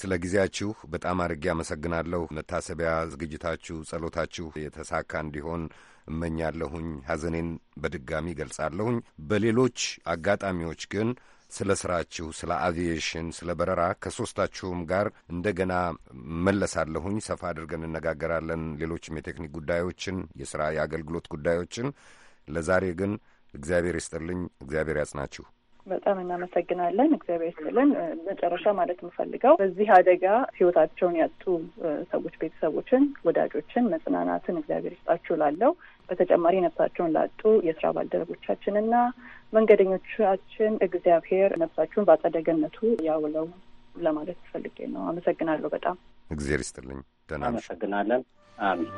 ስለ ጊዜያችሁ በጣም አድርጌ አመሰግናለሁ። መታሰቢያ ዝግጅታችሁ፣ ጸሎታችሁ የተሳካ እንዲሆን እመኛለሁኝ። ሐዘኔን በድጋሚ ገልጻለሁኝ። በሌሎች አጋጣሚዎች ግን ስለ ስራችሁ፣ ስለ አቪዬሽን፣ ስለ በረራ ከሶስታችሁም ጋር እንደገና መለሳለሁኝ። ሰፋ አድርገን እነጋገራለን። ሌሎችም የቴክኒክ ጉዳዮችን፣ የስራ የአገልግሎት ጉዳዮችን። ለዛሬ ግን እግዚአብሔር ይስጥልኝ። እግዚአብሔር ያጽናችሁ። በጣም እናመሰግናለን። እግዚአብሔር ይስጥልን። መጨረሻ ማለት የምፈልገው በዚህ አደጋ ህይወታቸውን ያጡ ሰዎች ቤተሰቦችን፣ ወዳጆችን መጽናናትን እግዚአብሔር ይስጣችሁ ላለው በተጨማሪ ነፍሳቸውን ላጡ የስራ ባልደረቦቻችንና መንገደኞቻችን እግዚአብሔር ነፍሳችሁን በአጸደ ገነቱ ያውለው ለማለት ፈልጌ ነው። አመሰግናለሁ። በጣም እግዚአብሔር ይስጥልኝ። አመሰግናለን። አሜን።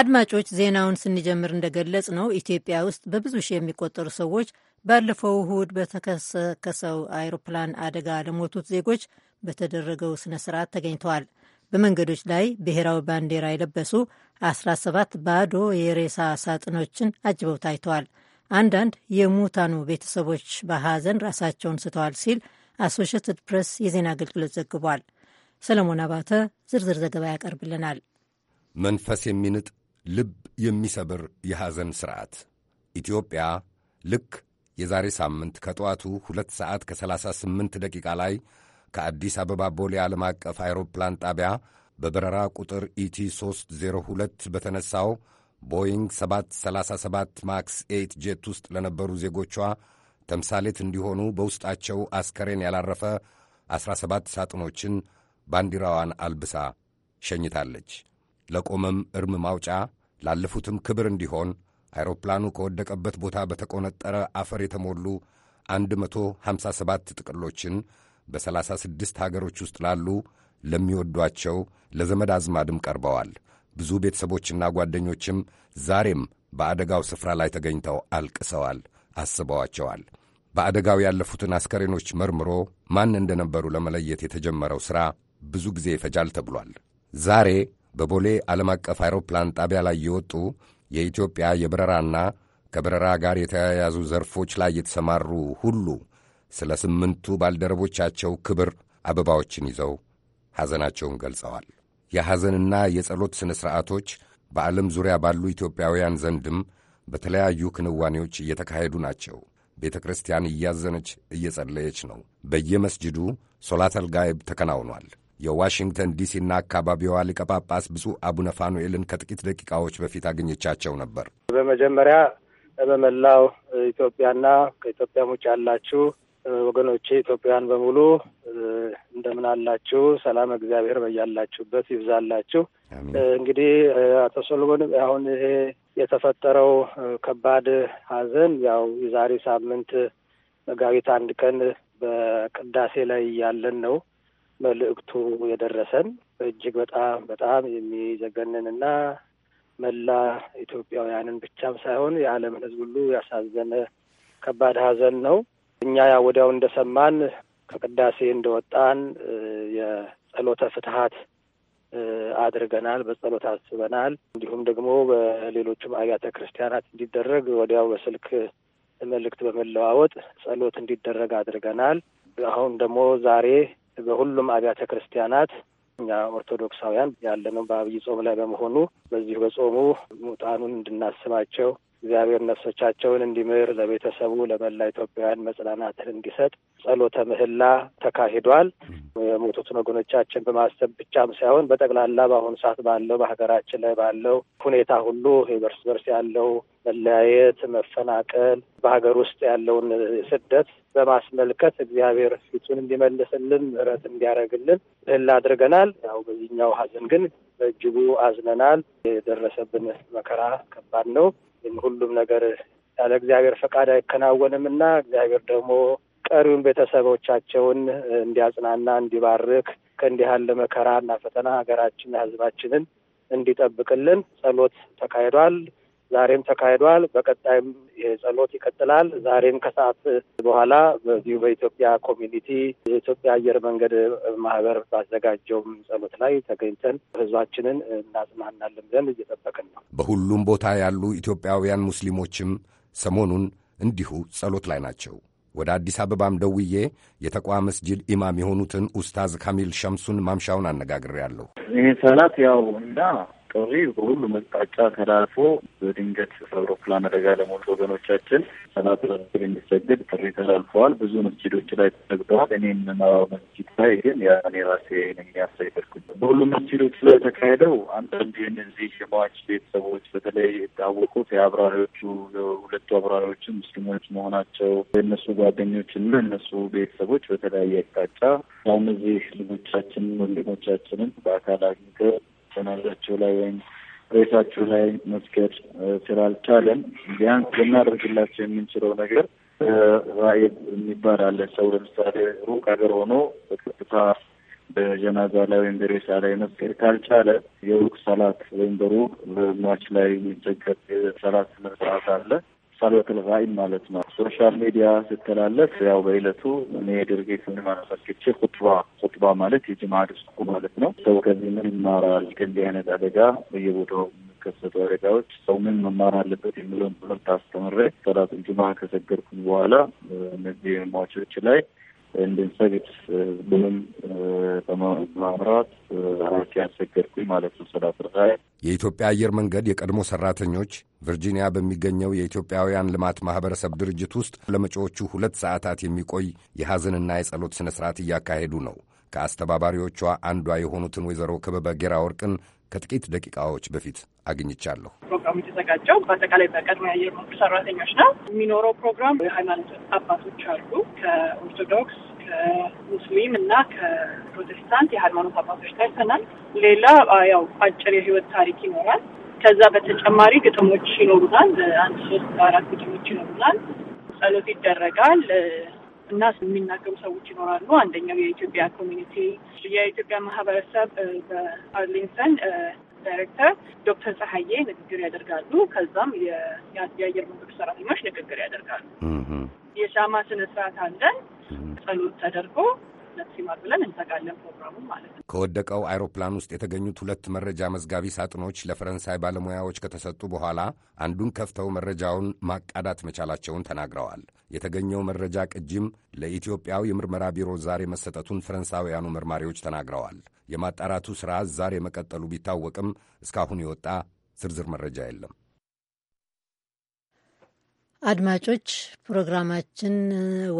አድማጮች ዜናውን ስንጀምር እንደገለጽ ነው ኢትዮጵያ ውስጥ በብዙ ሺህ የሚቆጠሩ ሰዎች ባለፈው እሁድ በተከሰከሰው አይሮፕላን አደጋ ለሞቱት ዜጎች በተደረገው ስነ ስርዓት ተገኝተዋል። በመንገዶች ላይ ብሔራዊ ባንዲራ የለበሱ 17 ባዶ የሬሳ ሳጥኖችን አጅበው ታይተዋል። አንዳንድ የሙታኑ ቤተሰቦች በሐዘን ራሳቸውን ስተዋል ሲል አሶሽትድ ፕሬስ የዜና አገልግሎት ዘግቧል። ሰለሞን አባተ ዝርዝር ዘገባ ያቀርብልናል። መንፈስ የሚንጥ ልብ የሚሰብር የሐዘን ሥርዓት ኢትዮጵያ ልክ የዛሬ ሳምንት ከጠዋቱ ሁለት ሰዓት ከ38 ደቂቃ ላይ ከአዲስ አበባ ቦሌ ዓለም አቀፍ አይሮፕላን ጣቢያ በበረራ ቁጥር ኢቲ 302 በተነሳው ቦይንግ 737 ማክስ 8 ጄት ውስጥ ለነበሩ ዜጎቿ ተምሳሌት እንዲሆኑ በውስጣቸው አስከሬን ያላረፈ 17 ሳጥኖችን ባንዲራዋን አልብሳ ሸኝታለች። ለቆመም እርም ማውጫ ላለፉትም ክብር እንዲሆን አይሮፕላኑ ከወደቀበት ቦታ በተቆነጠረ አፈር የተሞሉ 157 ጥቅሎችን በ36 ሀገሮች ውስጥ ላሉ ለሚወዷቸው ለዘመድ አዝማድም ቀርበዋል። ብዙ ቤተሰቦችና ጓደኞችም ዛሬም በአደጋው ስፍራ ላይ ተገኝተው አልቅሰዋል፣ አስበዋቸዋል። በአደጋው ያለፉትን አስከሬኖች መርምሮ ማን እንደነበሩ ለመለየት የተጀመረው ሥራ ብዙ ጊዜ ይፈጃል ተብሏል። ዛሬ በቦሌ ዓለም አቀፍ አውሮፕላን ጣቢያ ላይ የወጡ የኢትዮጵያ የበረራና ከበረራ ጋር የተያያዙ ዘርፎች ላይ የተሰማሩ ሁሉ ስለ ስምንቱ ባልደረቦቻቸው ክብር አበባዎችን ይዘው ሐዘናቸውን ገልጸዋል። የሐዘንና የጸሎት ሥነ ሥርዓቶች በዓለም ዙሪያ ባሉ ኢትዮጵያውያን ዘንድም በተለያዩ ክንዋኔዎች እየተካሄዱ ናቸው። ቤተ ክርስቲያን እያዘነች እየጸለየች ነው። በየመስጅዱ ሶላተል ጋይብ ተከናውኗል። የዋሽንግተን ዲሲና አካባቢዋ ሊቀ ጳጳስ ብፁዕ አቡነ ፋኑኤልን ከጥቂት ደቂቃዎች በፊት አገኘቻቸው ነበር። በመጀመሪያ በመላው ኢትዮጵያና ከኢትዮጵያም ውጭ ያላችሁ ወገኖቼ ኢትዮጵያውያን በሙሉ እንደምን አላችሁ? ሰላም እግዚአብሔር በያላችሁበት ይብዛላችሁ። እንግዲህ አቶ ሶሎሞን አሁን ይሄ የተፈጠረው ከባድ ሐዘን ያው የዛሬ ሳምንት መጋቢት አንድ ቀን በቅዳሴ ላይ ያለን ነው መልእክቱ የደረሰን እጅግ በጣም በጣም እና መላ ኢትዮጵያውያንን ብቻም ሳይሆን የዓለምን ሕዝብ ሁሉ ያሳዘነ ከባድ ሐዘን ነው። እኛ ያ ወዲያው እንደሰማን ከቅዳሴ እንደወጣን የጸሎተ ፍትሀት አድርገናል። በጸሎት አስበናል። እንዲሁም ደግሞ በሌሎችም አብያተ ክርስቲያናት እንዲደረግ ወዲያው በስልክ መልእክት በመለዋወጥ ጸሎት እንዲደረግ አድርገናል። አሁን ደግሞ ዛሬ በሁሉም አብያተ ክርስቲያናት እኛ ኦርቶዶክሳውያን ያለነው በአብይ ጾም ላይ በመሆኑ በዚሁ በጾሙ ሙጣኑን እንድናስባቸው እግዚአብሔር ነፍሶቻቸውን እንዲምር ለቤተሰቡ ለመላ ኢትዮጵያውያን መጽናናትን እንዲሰጥ ጸሎተ ምህላ ተካሂዷል። የሞቱትን ወገኖቻችን በማሰብ ብቻም ሳይሆን በጠቅላላ በአሁኑ ሰዓት ባለው በሀገራችን ላይ ባለው ሁኔታ ሁሉ በርስ በርስ ያለው መለያየት፣ መፈናቀል፣ በሀገር ውስጥ ያለውን ስደት በማስመልከት እግዚአብሔር ፊቱን እንዲመልስልን ምህረት እንዲያደርግልን ምህላ አድርገናል። ያው በዚህኛው ሀዘን ግን በእጅጉ አዝነናል። የደረሰብን መከራ ከባድ ነው። ሁሉም ነገር ያለ እግዚአብሔር ፈቃድ አይከናወንም እና እግዚአብሔር ደግሞ ቀሪውን ቤተሰቦቻቸውን እንዲያጽናና እንዲባርክ ከእንዲህ ያለ እና ፈተና ሀገራችን ህዝባችንን እንዲጠብቅልን ጸሎት ተካሂዷል። ዛሬም ተካሂዷል። በቀጣይም የጸሎት ይቀጥላል። ዛሬም ከሰዓት በኋላ በዚሁ በኢትዮጵያ ኮሚኒቲ የኢትዮጵያ አየር መንገድ ማህበር ባዘጋጀውም ጸሎት ላይ ተገኝተን ህዝባችንን እናጽናናለን ብለን እየጠበቅን ነው። በሁሉም ቦታ ያሉ ኢትዮጵያውያን ሙስሊሞችም ሰሞኑን እንዲሁ ጸሎት ላይ ናቸው። ወደ አዲስ አበባም ደውዬ የተቋ መስጂድ ኢማም የሆኑትን ኡስታዝ ካሚል ሸምሱን ማምሻውን ያለሁ ይህ ሰላት ያው እና ጥሪ በሁሉም አቅጣጫ ተላልፎ በድንገት አውሮፕላን አደጋ ለሞቱ ወገኖቻችን ሰላት የሚሰግድ ጥሪ ተላልፈዋል። ብዙ መስጂዶች ላይ ተሰግደዋል። እኔ ምናባው መስጂድ ላይ ግን ያኔ ራሴ ያሳይበትኩ በሁሉም መስጂዶች ላይ ተካሄደው አንዳንድ እነዚህ የሟች ቤተሰቦች በተለይ የታወቁት የአብራሪዎቹ ሁለቱ አብራሪዎችን ሙስሊሞች መሆናቸው የእነሱ ጓደኞች እና እነሱ ቤተሰቦች በተለያየ አቅጣጫ አሁን እዚህ ልጆቻችንን ወንድሞቻችንን በአካል አግኝተው ሰናዳቸው ላይ ወይም ሬሳቸው ላይ መስገድ ስላልቻለን ቢያንስ ልናደርግላቸው የምንችለው ነገር ራኤድ የሚባል አለ። ሰው ለምሳሌ ሩቅ ሀገር ሆኖ በቀጥታ በጀናዛ ላይ ወይም በሬሳ ላይ መስገድ ካልቻለ የሩቅ ሰላት ወይም በሩቅ በሟች ላይ የሚሰገድ ሰላት ስነ አለ። ሳልበክል ራእይም ማለት ነው። ሶሻል ሚዲያ ስተላለፍ ያው በዕለቱ እኔ ድርጊት ምን ማነሳክቼ ኹጥባ ኹጥባ ማለት የጅማ ድስቁ ማለት ነው። ሰው ከዚህ ምን ይማራል? ከእንዲህ አይነት አደጋ በየቦታው የሚከሰቱ አደጋዎች ሰው ምን መማር አለበት የሚለውን ትምህርት አስተምሬ ሰላት ጅማ ከሰገድኩኝ በኋላ እነዚህ ሟቾች ላይ እንድንሰግድ ሁሉንም በማምራት ሀርቲ ያሰገድኩኝ ማለት ነው። ሰላት የኢትዮጵያ አየር መንገድ የቀድሞ ሰራተኞች ቨርጂኒያ በሚገኘው የኢትዮጵያውያን ልማት ማህበረሰብ ድርጅት ውስጥ ለመጪዎቹ ሁለት ሰዓታት የሚቆይ የሐዘንና የጸሎት ሥነ ሥርዓት እያካሄዱ ነው። ከአስተባባሪዎቿ አንዷ የሆኑትን ወይዘሮ ክበበ ጌራ ወርቅን ከጥቂት ደቂቃዎች በፊት አግኝቻለሁ። ፕሮግራሙ የተዘጋጀው በአጠቃላይ በቀድሞ የአየር መንገድ ሰራተኞች ነው። የሚኖረው ፕሮግራም የሃይማኖት አባቶች አሉ ከኦርቶዶክስ ከሙስሊም እና ከፕሮቴስታንት የሃይማኖት አባቶች ታይተናል። ሌላ ያው አጭር የህይወት ታሪክ ይኖራል። ከዛ በተጨማሪ ግጥሞች ይኖሩናል። አንድ ሶስት አራት ግጥሞች ይኖሩናል። ጸሎት ይደረጋል። እና የሚናገሩ ሰዎች ይኖራሉ። አንደኛው የኢትዮጵያ ኮሚኒቲ የኢትዮጵያ ማህበረሰብ በአርሊንግተን ዳይሬክተር ዶክተር ፀሐዬ ንግግር ያደርጋሉ። ከዛም የአየር መንገዱ ሰራተኞች ንግግር ያደርጋሉ። የሻማ ስነ ስርዓት አለን። ጸሎት ተደርጎ ለትሲማር ብለን እንዘጋለን ፕሮግራሙ ማለት ነው። ከወደቀው አይሮፕላን ውስጥ የተገኙት ሁለት መረጃ መዝጋቢ ሳጥኖች ለፈረንሳይ ባለሙያዎች ከተሰጡ በኋላ አንዱን ከፍተው መረጃውን ማቃዳት መቻላቸውን ተናግረዋል። የተገኘው መረጃ ቅጂም ለኢትዮጵያው የምርመራ ቢሮ ዛሬ መሰጠቱን ፈረንሳውያኑ መርማሪዎች ተናግረዋል። የማጣራቱ ሥራ ዛሬ መቀጠሉ ቢታወቅም እስካሁን የወጣ ዝርዝር መረጃ የለም። አድማጮች ፕሮግራማችን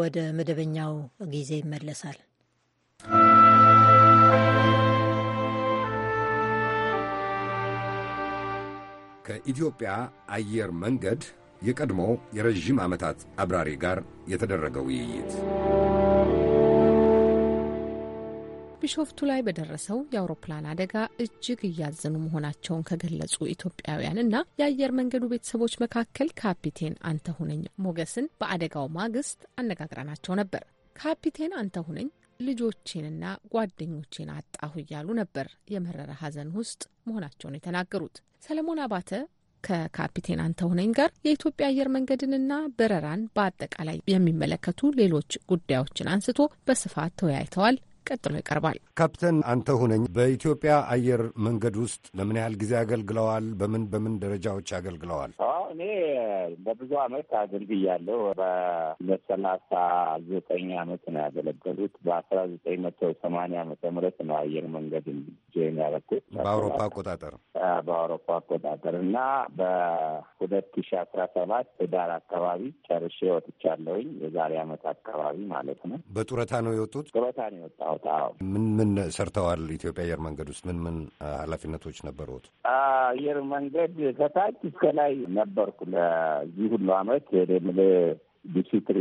ወደ መደበኛው ጊዜ ይመለሳል። ከኢትዮጵያ አየር መንገድ የቀድሞ የረዥም ዓመታት አብራሪ ጋር የተደረገ ውይይት ቢሾፍቱ ላይ በደረሰው የአውሮፕላን አደጋ እጅግ እያዘኑ መሆናቸውን ከገለጹ ኢትዮጵያውያን እና የአየር መንገዱ ቤተሰቦች መካከል ካፒቴን አንተሁነኝ ሞገስን በአደጋው ማግስት አነጋግረናቸው ነበር። ካፒቴን አንተሁነኝ ልጆቼንና ጓደኞቼን አጣሁ እያሉ ነበር የመረረ ሐዘን ውስጥ መሆናቸውን የተናገሩት። ሰለሞን አባተ ከካፒቴን አንተሆነኝ ጋር የኢትዮጵያ አየር መንገድንና በረራን በአጠቃላይ የሚመለከቱ ሌሎች ጉዳዮችን አንስቶ በስፋት ተወያይተዋል። ቀጥሎ ይቀርባል። ካፕተን አንተ ሁነኝ በኢትዮጵያ አየር መንገድ ውስጥ ለምን ያህል ጊዜ አገልግለዋል? በምን በምን ደረጃዎች አገልግለዋል? እኔ በብዙ አመት አገልግያለሁ። በሰላሳ ዘጠኝ አመት ነው ያገለገሉት። በአስራ ዘጠኝ መቶ ሰማንያ ዓመተ ምህረት ነው አየር መንገድ ጆይን ያደረኩት በአውሮፓ አቆጣጠር በአውሮፓ አቆጣጠር እና በሁለት ሺ አስራ ሰባት ህዳር አካባቢ ጨርሼ ወጥቻለሁኝ። የዛሬ አመት አካባቢ ማለት ነው። በጡረታ ነው የወጡት? ጡረታ ነው የወጣው የሰራሁት። አዎ ምን ምን ሰርተዋል? ኢትዮጵያ አየር መንገድ ውስጥ ምን ምን ኃላፊነቶች ነበሩት? አየር መንገድ ከታች እስከ ላይ ነበርኩ። ለዚህ ሁሉ አመት ሬምል ዲሲትሪ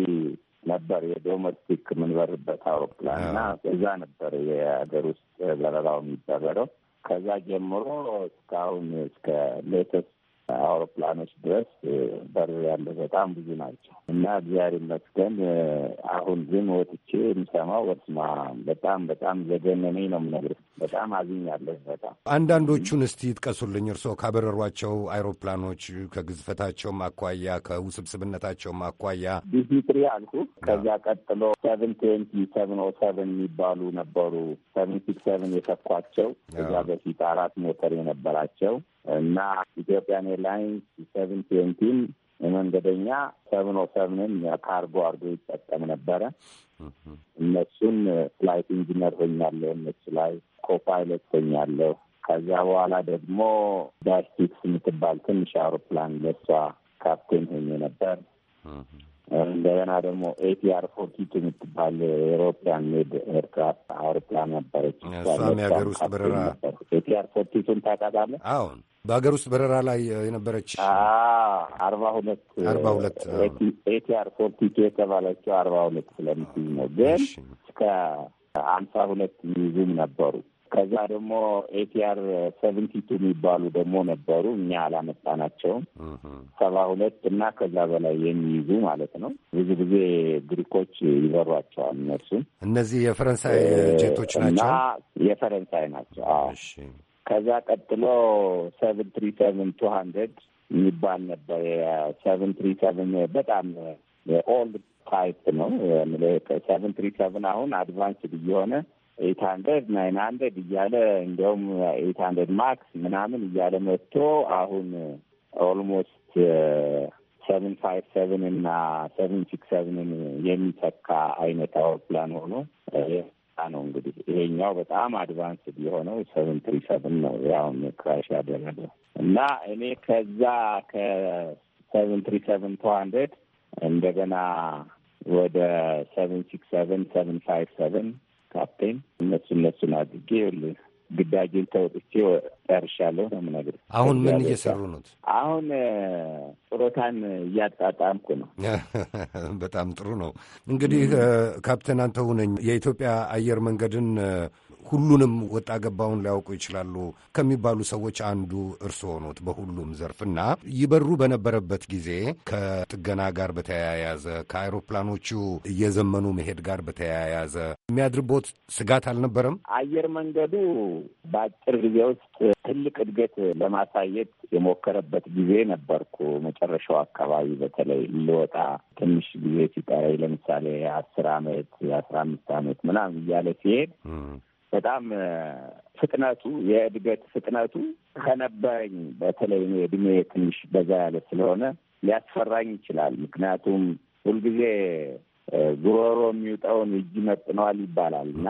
ነበር የዶሜስቲክ የምንበርበት አውሮፕላን እና እዛ ነበር የሀገር ውስጥ በረራው የሚበረረው። ከዛ ጀምሮ እስካሁን እስከ ሌተስት አውሮፕላኖች ድረስ በር ያለ በጣም ብዙ ናቸው እና እግዚአብሔር ይመስገን። አሁን ግን ወጥቼ የምሰማው ወስማ በጣም በጣም ዘገነነኝ ነው የምነግርህ። በጣም አዝኛለሁ። በጣም አንዳንዶቹን እስቲ ይጥቀሱልኝ። እርስዎ ካበረሯቸው አይሮፕላኖች ከግዝፈታቸውም አኳያ ከውስብስብነታቸውም አኳያ ቢሲ አልኩ። ከዛ ቀጥሎ ሰቨን ትዌንቲ ሰቨን ኦ ሰቨን የሚባሉ ነበሩ። ሰቨን ሲክስ ሰቨን የተኳቸው እዛ በፊት አራት ሞተር የነበራቸው እና ኢትዮጵያን ኤርላይንስ ሰቨን ትዌንቲን መንገደኛ ሰብን ኦ ሰቨንን ካርጎ አርጎ ይጠቀም ነበረ። እነሱን ፍላይት ኢንጂነር ሆኛለሁ። እነሱ ላይ ኮፓይለት ሆኛለሁ። ከዚያ በኋላ ደግሞ ዳሽ ሲክስ የምትባል ትንሽ አውሮፕላን ለሷ ካፕቴን ሆኜ ነበር። እንደገና ደግሞ ኤቲአር ፎርቲቱ የምትባል ኤሮፕያን ሜድ ኤርትራ አውሮፕላን ነበረች። እሷም የሀገር ውስጥ በረራ ኤቲአር ፎርቲቱን ታውቃታለህ? አሁን በሀገር ውስጥ በረራ ላይ የነበረች አርባ ሁለት አርባ ሁለት ኤቲአር ፎርቲቱ የተባለችው አርባ ሁለት ስለምትይዝ ነው። ግን እስከ አምሳ ሁለት ሚዙም ነበሩ ከዛ ደግሞ ኤቲአር ሰቨንቲ ቱ የሚባሉ ደግሞ ነበሩ እኛ አላመጣናቸውም። ሰባ ሁለት እና ከዛ በላይ የሚይዙ ማለት ነው። ብዙ ጊዜ ግሪኮች ይበሯቸዋል። እነሱም እነዚህ የፈረንሳይ ጄቶች ናቸው የፈረንሳይ ናቸው። ከዛ ቀጥሎ ሰቨን ትሪ ሰቨን ቱ ሀንድረድ የሚባል ነበር። ሰቨን ትሪ ሰቨን በጣም ኦልድ ታይፕ ነው። ሰቨን ትሪ ሰቨን አሁን አድቫንስድ እየሆነ ኤት ሀንድረድ ናይን ሀንድረድ እያለ እንዲያውም ኤት ሀንድረድ ማክስ ምናምን እያለ መጥቶ አሁን ኦልሞስት ሰቨን ፋይቭ ሰቨን እና ሰቨን ሲክስ ሰቨንን የሚተካ አይነት አውሮፕላን ሆኖ uh, ነው። እንግዲህ ይሄኛው በጣም አድቫንስ የሆነው ሰቨን ትሪ ሰቨን ነው ያሁን ክራሽ ያደረገው እና እኔ ከዛ ከሰቨን ትሪ ሰቨን ቱ ሀንድረድ እንደገና ወደ ሰቨን ሲክስ ሰቨን ሰቨን ፋይቭ ሰቨን ካፕቴን እነሱ እነሱን አድርጌ ግዳጅን ተወጥቼ ጨርሻለሁ ነው የምነግርህ። አሁን ምን እየሰሩ ነት? አሁን ጡረታን እያጣጣምኩ ነው። በጣም ጥሩ ነው። እንግዲህ ካፕቴን አንተ ሁነኝ የኢትዮጵያ አየር መንገድን ሁሉንም ወጣ ገባውን ሊያውቁ ይችላሉ ከሚባሉ ሰዎች አንዱ እርስዎ ኖት በሁሉም ዘርፍና ይበሩ በነበረበት ጊዜ ከጥገና ጋር በተያያዘ ከአይሮፕላኖቹ እየዘመኑ መሄድ ጋር በተያያዘ የሚያድርቦት ስጋት አልነበረም? አየር መንገዱ በአጭር ጊዜ ውስጥ ትልቅ እድገት ለማሳየት የሞከረበት ጊዜ ነበርኩ። መጨረሻው አካባቢ በተለይ ልወጣ ትንሽ ጊዜ ሲቀረኝ ለምሳሌ አስር አመት አስራ አምስት አመት ምናምን እያለ ሲሄድ በጣም ፍጥነቱ የእድገት ፍጥነቱ ከነበረኝ በተለይ እድሜ ትንሽ በዛ ያለ ስለሆነ ሊያስፈራኝ ይችላል። ምክንያቱም ሁልጊዜ ጉሮሮ የሚውጠውን እጅ መጥነዋል ይባላል እና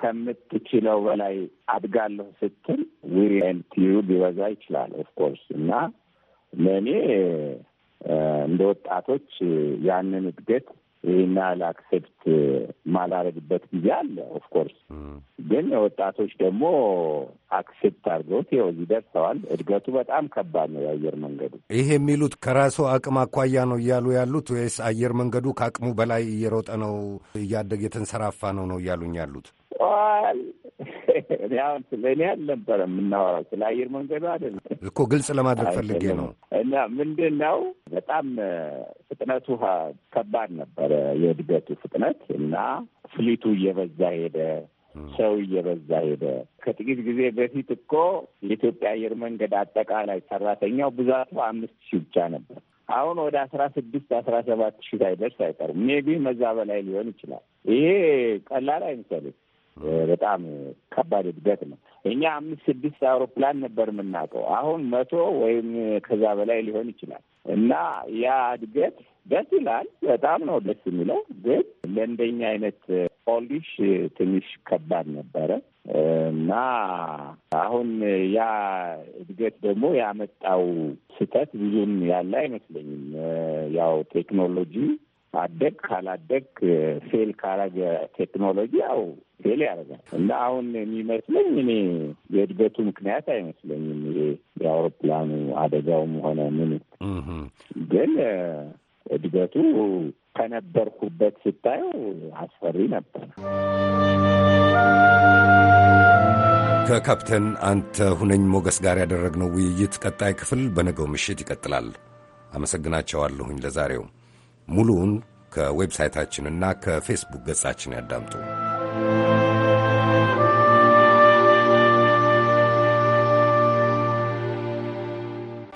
ከምትችለው በላይ አድጋለሁ ስትል ዊሪንቲዩ ሊበዛ ይችላል ኦፍኮርስ እና ለእኔ እንደ ወጣቶች ያንን እድገት ይህና ያህል ማላረግበት ጊዜ አለ። ኦፍኮርስ ግን ወጣቶች ደግሞ አክሴፕት አድርገውት ይኸው እዚህ ደርሰዋል። እድገቱ በጣም ከባድ ነው። የአየር መንገዱ ይሄ የሚሉት ከራሱ አቅም አኳያ ነው እያሉ ያሉት ወይስ አየር መንገዱ ከአቅሙ በላይ እየሮጠ ነው እያደግ የተንሰራፋ ነው ነው እያሉኝ ያሉት? ገልጸዋል። ያም ስለ እኔ አልነበረም የምናወራው ስለ አየር መንገዱ አይደለም እኮ ግልጽ ለማድረግ ፈልጌ ነው። እና ምንድን ነው በጣም ፍጥነቱ ከባድ ነበረ የእድገቱ ፍጥነት እና ፍሊቱ እየበዛ ሄደ፣ ሰው እየበዛ ሄደ። ከጥቂት ጊዜ በፊት እኮ የኢትዮጵያ አየር መንገድ አጠቃላይ ሰራተኛው ብዛቱ አምስት ሺህ ብቻ ነበር። አሁን ወደ አስራ ስድስት አስራ ሰባት ሺህ ሳይደርስ አይቀርም። ሜቢ መዛ በላይ ሊሆን ይችላል። ይሄ ቀላል አይምሰልም። በጣም ከባድ እድገት ነው። እኛ አምስት ስድስት አውሮፕላን ነበር የምናውቀው አሁን መቶ ወይም ከዛ በላይ ሊሆን ይችላል እና ያ እድገት ደስ ይላል። በጣም ነው ደስ የሚለው። ግን ለእንደኛ አይነት ፖሊሽ ትንሽ ከባድ ነበረ እና አሁን ያ እድገት ደግሞ ያመጣው ስህተት ብዙም ያለ አይመስለኝም። ያው ቴክኖሎጂ አደግ ካላደግ ፌል ካረገ ቴክኖሎጂ ያው ፌል ያደርጋል እና አሁን የሚመስለኝ እኔ የእድገቱ ምክንያት አይመስለኝም ይሄ የአውሮፕላኑ አደጋውም ሆነ ምን ግን እድገቱ ከነበርኩበት ስታየው አስፈሪ ነበር። ከካፕተን አንተ ሁነኝ ሞገስ ጋር ያደረግነው ውይይት ቀጣይ ክፍል በነገው ምሽት ይቀጥላል። አመሰግናቸዋለሁኝ ለዛሬው። ሙሉውን ከዌብሳይታችንና ከፌስቡክ ገጻችን ያዳምጡ።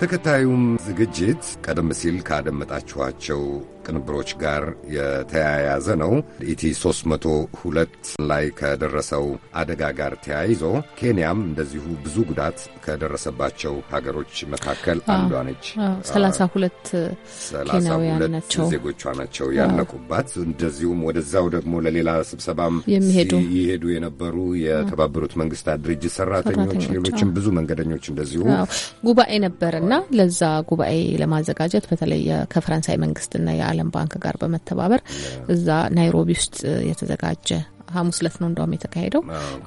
ተከታዩም ዝግጅት ቀደም ሲል ካደመጣችኋቸው ቅንብሮች ጋር የተያያዘ ነው። ኢቲ 302 ላይ ከደረሰው አደጋ ጋር ተያይዞ ኬንያም እንደዚሁ ብዙ ጉዳት ከደረሰባቸው ሀገሮች መካከል አንዷ ነች። 32 ኬንያውያን ናቸው ዜጎቿ ናቸው ያለቁባት። እንደዚሁም ወደዛው ደግሞ ለሌላ ስብሰባም ይሄዱ የነበሩ የተባበሩት መንግስታት ድርጅት ሰራተኞች፣ ሌሎችም ብዙ መንገደኞች እንደዚሁ ጉባኤ ነበር እና ለዛ ጉባኤ ለማዘጋጀት በተለይ ከፈረንሳይ መንግስትና ከዓለም ባንክ ጋር በመተባበር እዛ ናይሮቢ ውስጥ የተዘጋጀ ሐሙስ ዕለት ነው እንደውም የተካሄደው።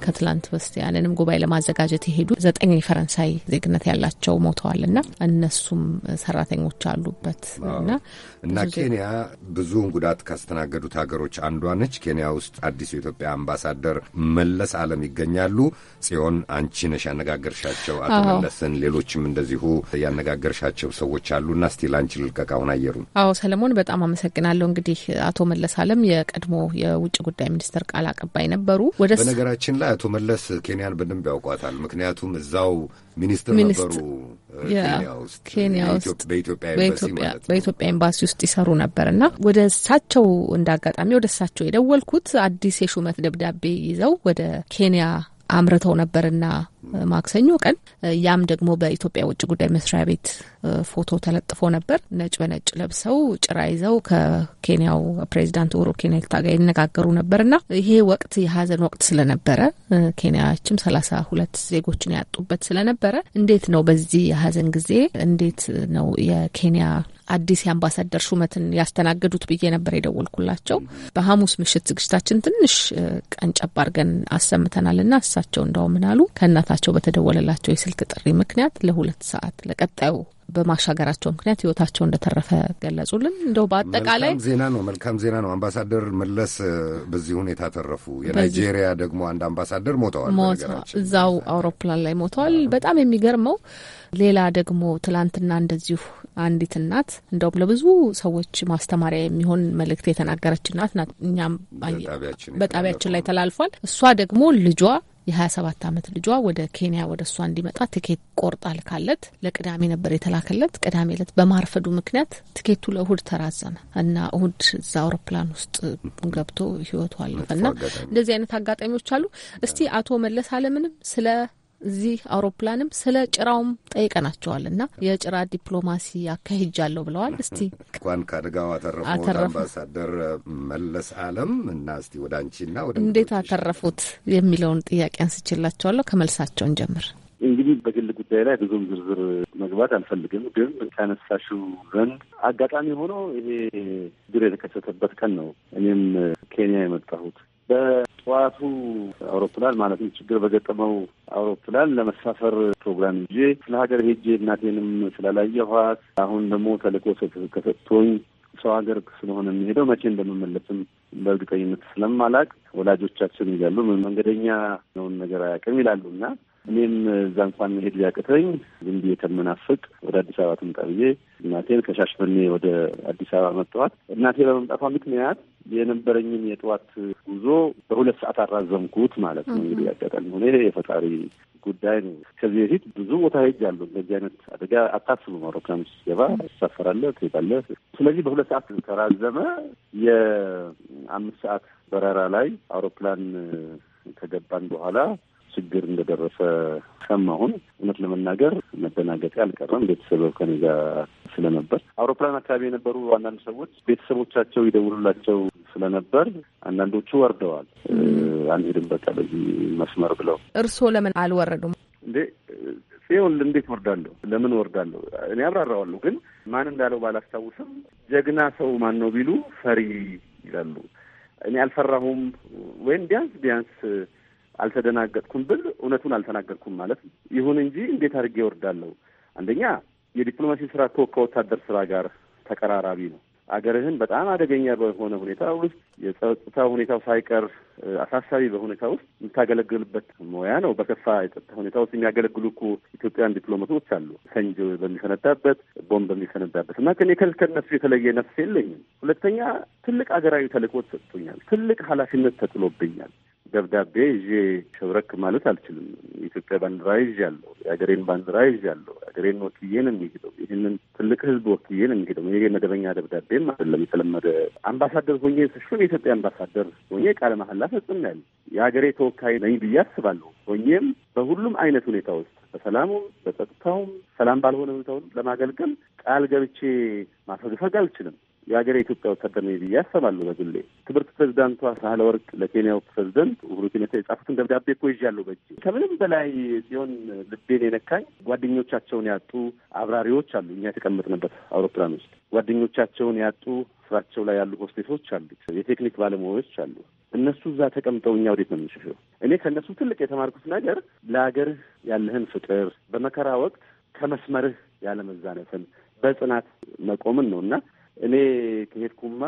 ከትላንት በስቲያ ያንንም ጉባኤ ለማዘጋጀት የሄዱ ዘጠኝ የፈረንሳይ ዜግነት ያላቸው ሞተዋል እና እነሱም ሰራተኞች አሉበት እና እና ኬንያ ብዙውን ጉዳት ካስተናገዱት ሀገሮች አንዷ ነች። ኬንያ ውስጥ አዲሱ የኢትዮጵያ አምባሳደር መለስ አለም ይገኛሉ። ጽዮን አንቺ ነሽ ያነጋገርሻቸው አቶ መለስን፣ ሌሎችም እንደዚሁ ያነጋገርሻቸው ሰዎች እና እስቲ ለአንቺ ልልቀቅ አሁን አየሩን። አዎ ሰለሞን፣ በጣም አመሰግናለሁ። እንግዲህ አቶ መለስ አለም የቀድሞ የውጭ ጉዳይ ሚኒስትር ቃል አቀባይ ነበሩ። ወደ በነገራችን ላይ አቶ መለስ ኬንያን በደንብ ያውቋታል። ምክንያቱም እዛው ሚኒስትር ነበሩ። ኬንያ ውስጥ በኢትዮጵያ ኤምባሲ ውስጥ ይሰሩ ነበር እና ወደ እሳቸው እንዳጋጣሚ ወደ እሳቸው የደወልኩት አዲስ የሹመት ደብዳቤ ይዘው ወደ ኬንያ አምርተው ነበርና ማክሰኞ ቀን ያም ደግሞ በኢትዮጵያ ውጭ ጉዳይ መስሪያ ቤት ፎቶ ተለጥፎ ነበር። ነጭ በነጭ ለብሰው ጭራ ይዘው ከኬንያው ፕሬዚዳንት ኡሁሩ ኬንያታ ጋር ይነጋገሩ ነበርና ይሄ ወቅት የሀዘን ወቅት ስለነበረ ኬንያችም ሰላሳ ሁለት ዜጎችን ያጡበት ስለነበረ እንዴት ነው በዚህ የሀዘን ጊዜ እንዴት ነው የኬንያ አዲስ የአምባሳደር ሹመትን ያስተናገዱት ብዬ ነበር የደወልኩላቸው። በሐሙስ ምሽት ዝግጅታችን ትንሽ ቀንጨብ አድርገን አሰምተናል እና እሳቸው እንደው ምን አሉ ከእናታቸው በተደወለላቸው የስልክ ጥሪ ምክንያት ለሁለት ሰዓት ለቀጣዩ በማሻገራቸው ምክንያት ህይወታቸው እንደተረፈ ገለጹልን። እንደው በአጠቃላይ ዜና ነው፣ መልካም ዜና ነው። አምባሳደር መለስ በዚህ ሁኔታ ተረፉ። የናይጄሪያ ደግሞ አንድ አምባሳደር ሞተዋል፣ እዛው አውሮፕላን ላይ ሞተዋል። በጣም የሚገርመው ሌላ ደግሞ ትላንትና እንደዚሁ አንዲት እናት እንደውም ለብዙ ሰዎች ማስተማሪያ የሚሆን መልእክት የተናገረች እናት ናት። እኛም በጣቢያችን ላይ ተላልፏል። እሷ ደግሞ ልጇ የ ሰባት አመት ልጇ ወደ ኬንያ ወደ እሷ እንዲመጣ ትኬት ቆርጣ ልካለት ለቅዳሜ ነበር የተላከለት። ቅዳሜ ዕለት በማርፈዱ ምክንያት ትኬቱ ለእሁድ ተራዘመ እና እሁድ እዛ አውሮፕላን ውስጥ ገብቶ ህይወቱ አለፈ እና እንደዚህ አይነት አጋጣሚዎች አሉ። እስቲ አቶ መለስ አለምንም ስለ እዚህ አውሮፕላንም ስለ ጭራውም ጠይቀናቸዋል እና የጭራ ዲፕሎማሲ አካሂጃለሁ ብለዋል። እስቲ እንኳን ከአደጋው አተረፉት አምባሳደር መለስ አለም እና እስቲ ወደ አንቺና ወደ እንዴት አተረፉት የሚለውን ጥያቄ አንስችላቸዋለሁ። ከመልሳቸውን ጀምር። እንግዲህ በግል ጉዳይ ላይ ብዙም ዝርዝር መግባት አልፈልግም፣ ግን ከነሳሽው ዘንድ አጋጣሚ ሆኖ ይሄ ድር የተከሰተበት ቀን ነው። እኔም ኬንያ የመጣሁት በጠዋቱ አውሮፕላን ማለት ነው ችግር በገጠመው አውሮፕላን ለመሳፈር ፕሮግራም ይዤ ስለ ሀገር ሄጄ እናቴንም ስላላየኋት አሁን ደግሞ ተልእኮ ከሰጥቶኝ ሰው ሀገር ስለሆነ የሚሄደው መቼ እንደምመለስም በእርግጠኝነት ስለማላቅ ወላጆቻችን ይላሉ መንገደኛ ነውን ነገር አያውቅም ይላሉ እና እኔም እዛ እንኳን መሄድ ሊያቅተኝ ዝም ብዬ ከምናፍቅ ወደ አዲስ አበባ ትምጣ ብዬ እናቴን ከሻሽመኔ ወደ አዲስ አበባ መጥተዋት እናቴ በመምጣቷ ምክንያት የነበረኝን የጠዋት ጉዞ በሁለት ሰዓት አራዘምኩት ማለት ነው። እንግዲህ ያጋጣሚ ሆነ የፈጣሪ ጉዳይ ነው። ከዚህ በፊት ብዙ ቦታ ሄጃለሁ። እንደዚህ አይነት አደጋ አታስብም። አውሮፕላን ውስጥ ገባ ትሳፈራለህ፣ ትሄዳለህ። ስለዚህ በሁለት ሰዓት ከራዘመ የአምስት ሰዓት በረራ ላይ አውሮፕላን ከገባን በኋላ ችግር እንደደረሰ ሰማሁን። እውነት ለመናገር መደናገጤ አልቀረም። ቤተሰብ ከኔ ጋር ስለነበር አውሮፕላን አካባቢ የነበሩ አንዳንድ ሰዎች ቤተሰቦቻቸው ይደውሉላቸው ስለነበር አንዳንዶቹ ወርደዋል። አንሄድም በቃ በዚህ መስመር ብለው። እርስዎ ለምን አልወረዱም እንዴ? ይሁን እንዴት ወርዳለሁ? ለምን ወርዳለሁ? እኔ አብራራዋለሁ፣ ግን ማን እንዳለው ባላስታውስም ጀግና ሰው ማን ነው ቢሉ ፈሪ ይላሉ። እኔ አልፈራሁም ወይም ቢያንስ ቢያንስ አልተደናገጥኩም ብል እውነቱን አልተናገርኩም ማለት ነው። ይሁን እንጂ እንዴት አድርጌ እወርዳለሁ? አንደኛ የዲፕሎማሲ ስራ እኮ ከወታደር ስራ ጋር ተቀራራቢ ነው። አገርህን በጣም አደገኛ በሆነ ሁኔታ ውስጥ የጸጥታ ሁኔታው ሳይቀር አሳሳቢ በሁኔታ ውስጥ የምታገለግልበት ሙያ ነው። በከፋ የጸጥታ ሁኔታ ውስጥ የሚያገለግሉ እኮ ኢትዮጵያን ዲፕሎማቶች አሉ። ፈንጅ በሚፈነዳበት፣ ቦምብ በሚፈነዳበት እና ከኔ ከነሱ የተለየ ነፍስ የለኝም። ሁለተኛ ትልቅ አገራዊ ተልእኮ ተሰጥቶኛል። ትልቅ ኃላፊነት ተጥሎብኛል። ደብዳቤ ይዤ ሸብረክ ማለት አልችልም። የኢትዮጵያ ባንዲራ ይዣለሁ። የሀገሬን ባንዲራ ይዣለሁ። ሀገሬን ወክዬ ነው የሚሄደው። ይህንን ትልቅ ህዝብ ወክዬ ነው የሚሄደው። ይሄ መደበኛ ደብዳቤም አይደለም የተለመደ። አምባሳደር ሆኜ ስሹም የኢትዮጵያ አምባሳደር ሆኜ ቃለ መሀላ ያለ የሀገሬ ተወካይ ነኝ ብዬ አስባለሁ። ሆኜም በሁሉም አይነት ሁኔታ ውስጥ በሰላሙም በጸጥታውም ሰላም ባልሆነ ሁኔታውን ለማገልገል ቃል ገብቼ ማፈግፈግ አልችልም። የሀገር የኢትዮጵያ ወታደር ነኝ ብዬ ያሰባሉ። በግሌ። ትምህርት ፕሬዚዳንቷ ሳህለ ወርቅ ለኬንያው ፕሬዚደንት ኡሁሩ ኬንያታ የጻፉትን ደብዳቤ እኮ ይዣለሁ በእጅ። ከምንም በላይ ሲሆን ልቤን የነካኝ ጓደኞቻቸውን ያጡ አብራሪዎች አሉ። እኛ የተቀመጥንበት አውሮፕላን ውስጥ ጓደኞቻቸውን ያጡ ስራቸው ላይ ያሉ ሆስቴሶች አሉ፣ የቴክኒክ ባለሙያዎች አሉ። እነሱ እዛ ተቀምጠው እኛ ወዴት ነው የምንሸሸው? እኔ ከእነሱ ትልቅ የተማርኩት ነገር ለሀገርህ ያለህን ፍቅር በመከራ ወቅት ከመስመርህ ያለመዛነፍን በጽናት መቆምን ነው እና እኔ ከሄድኩማ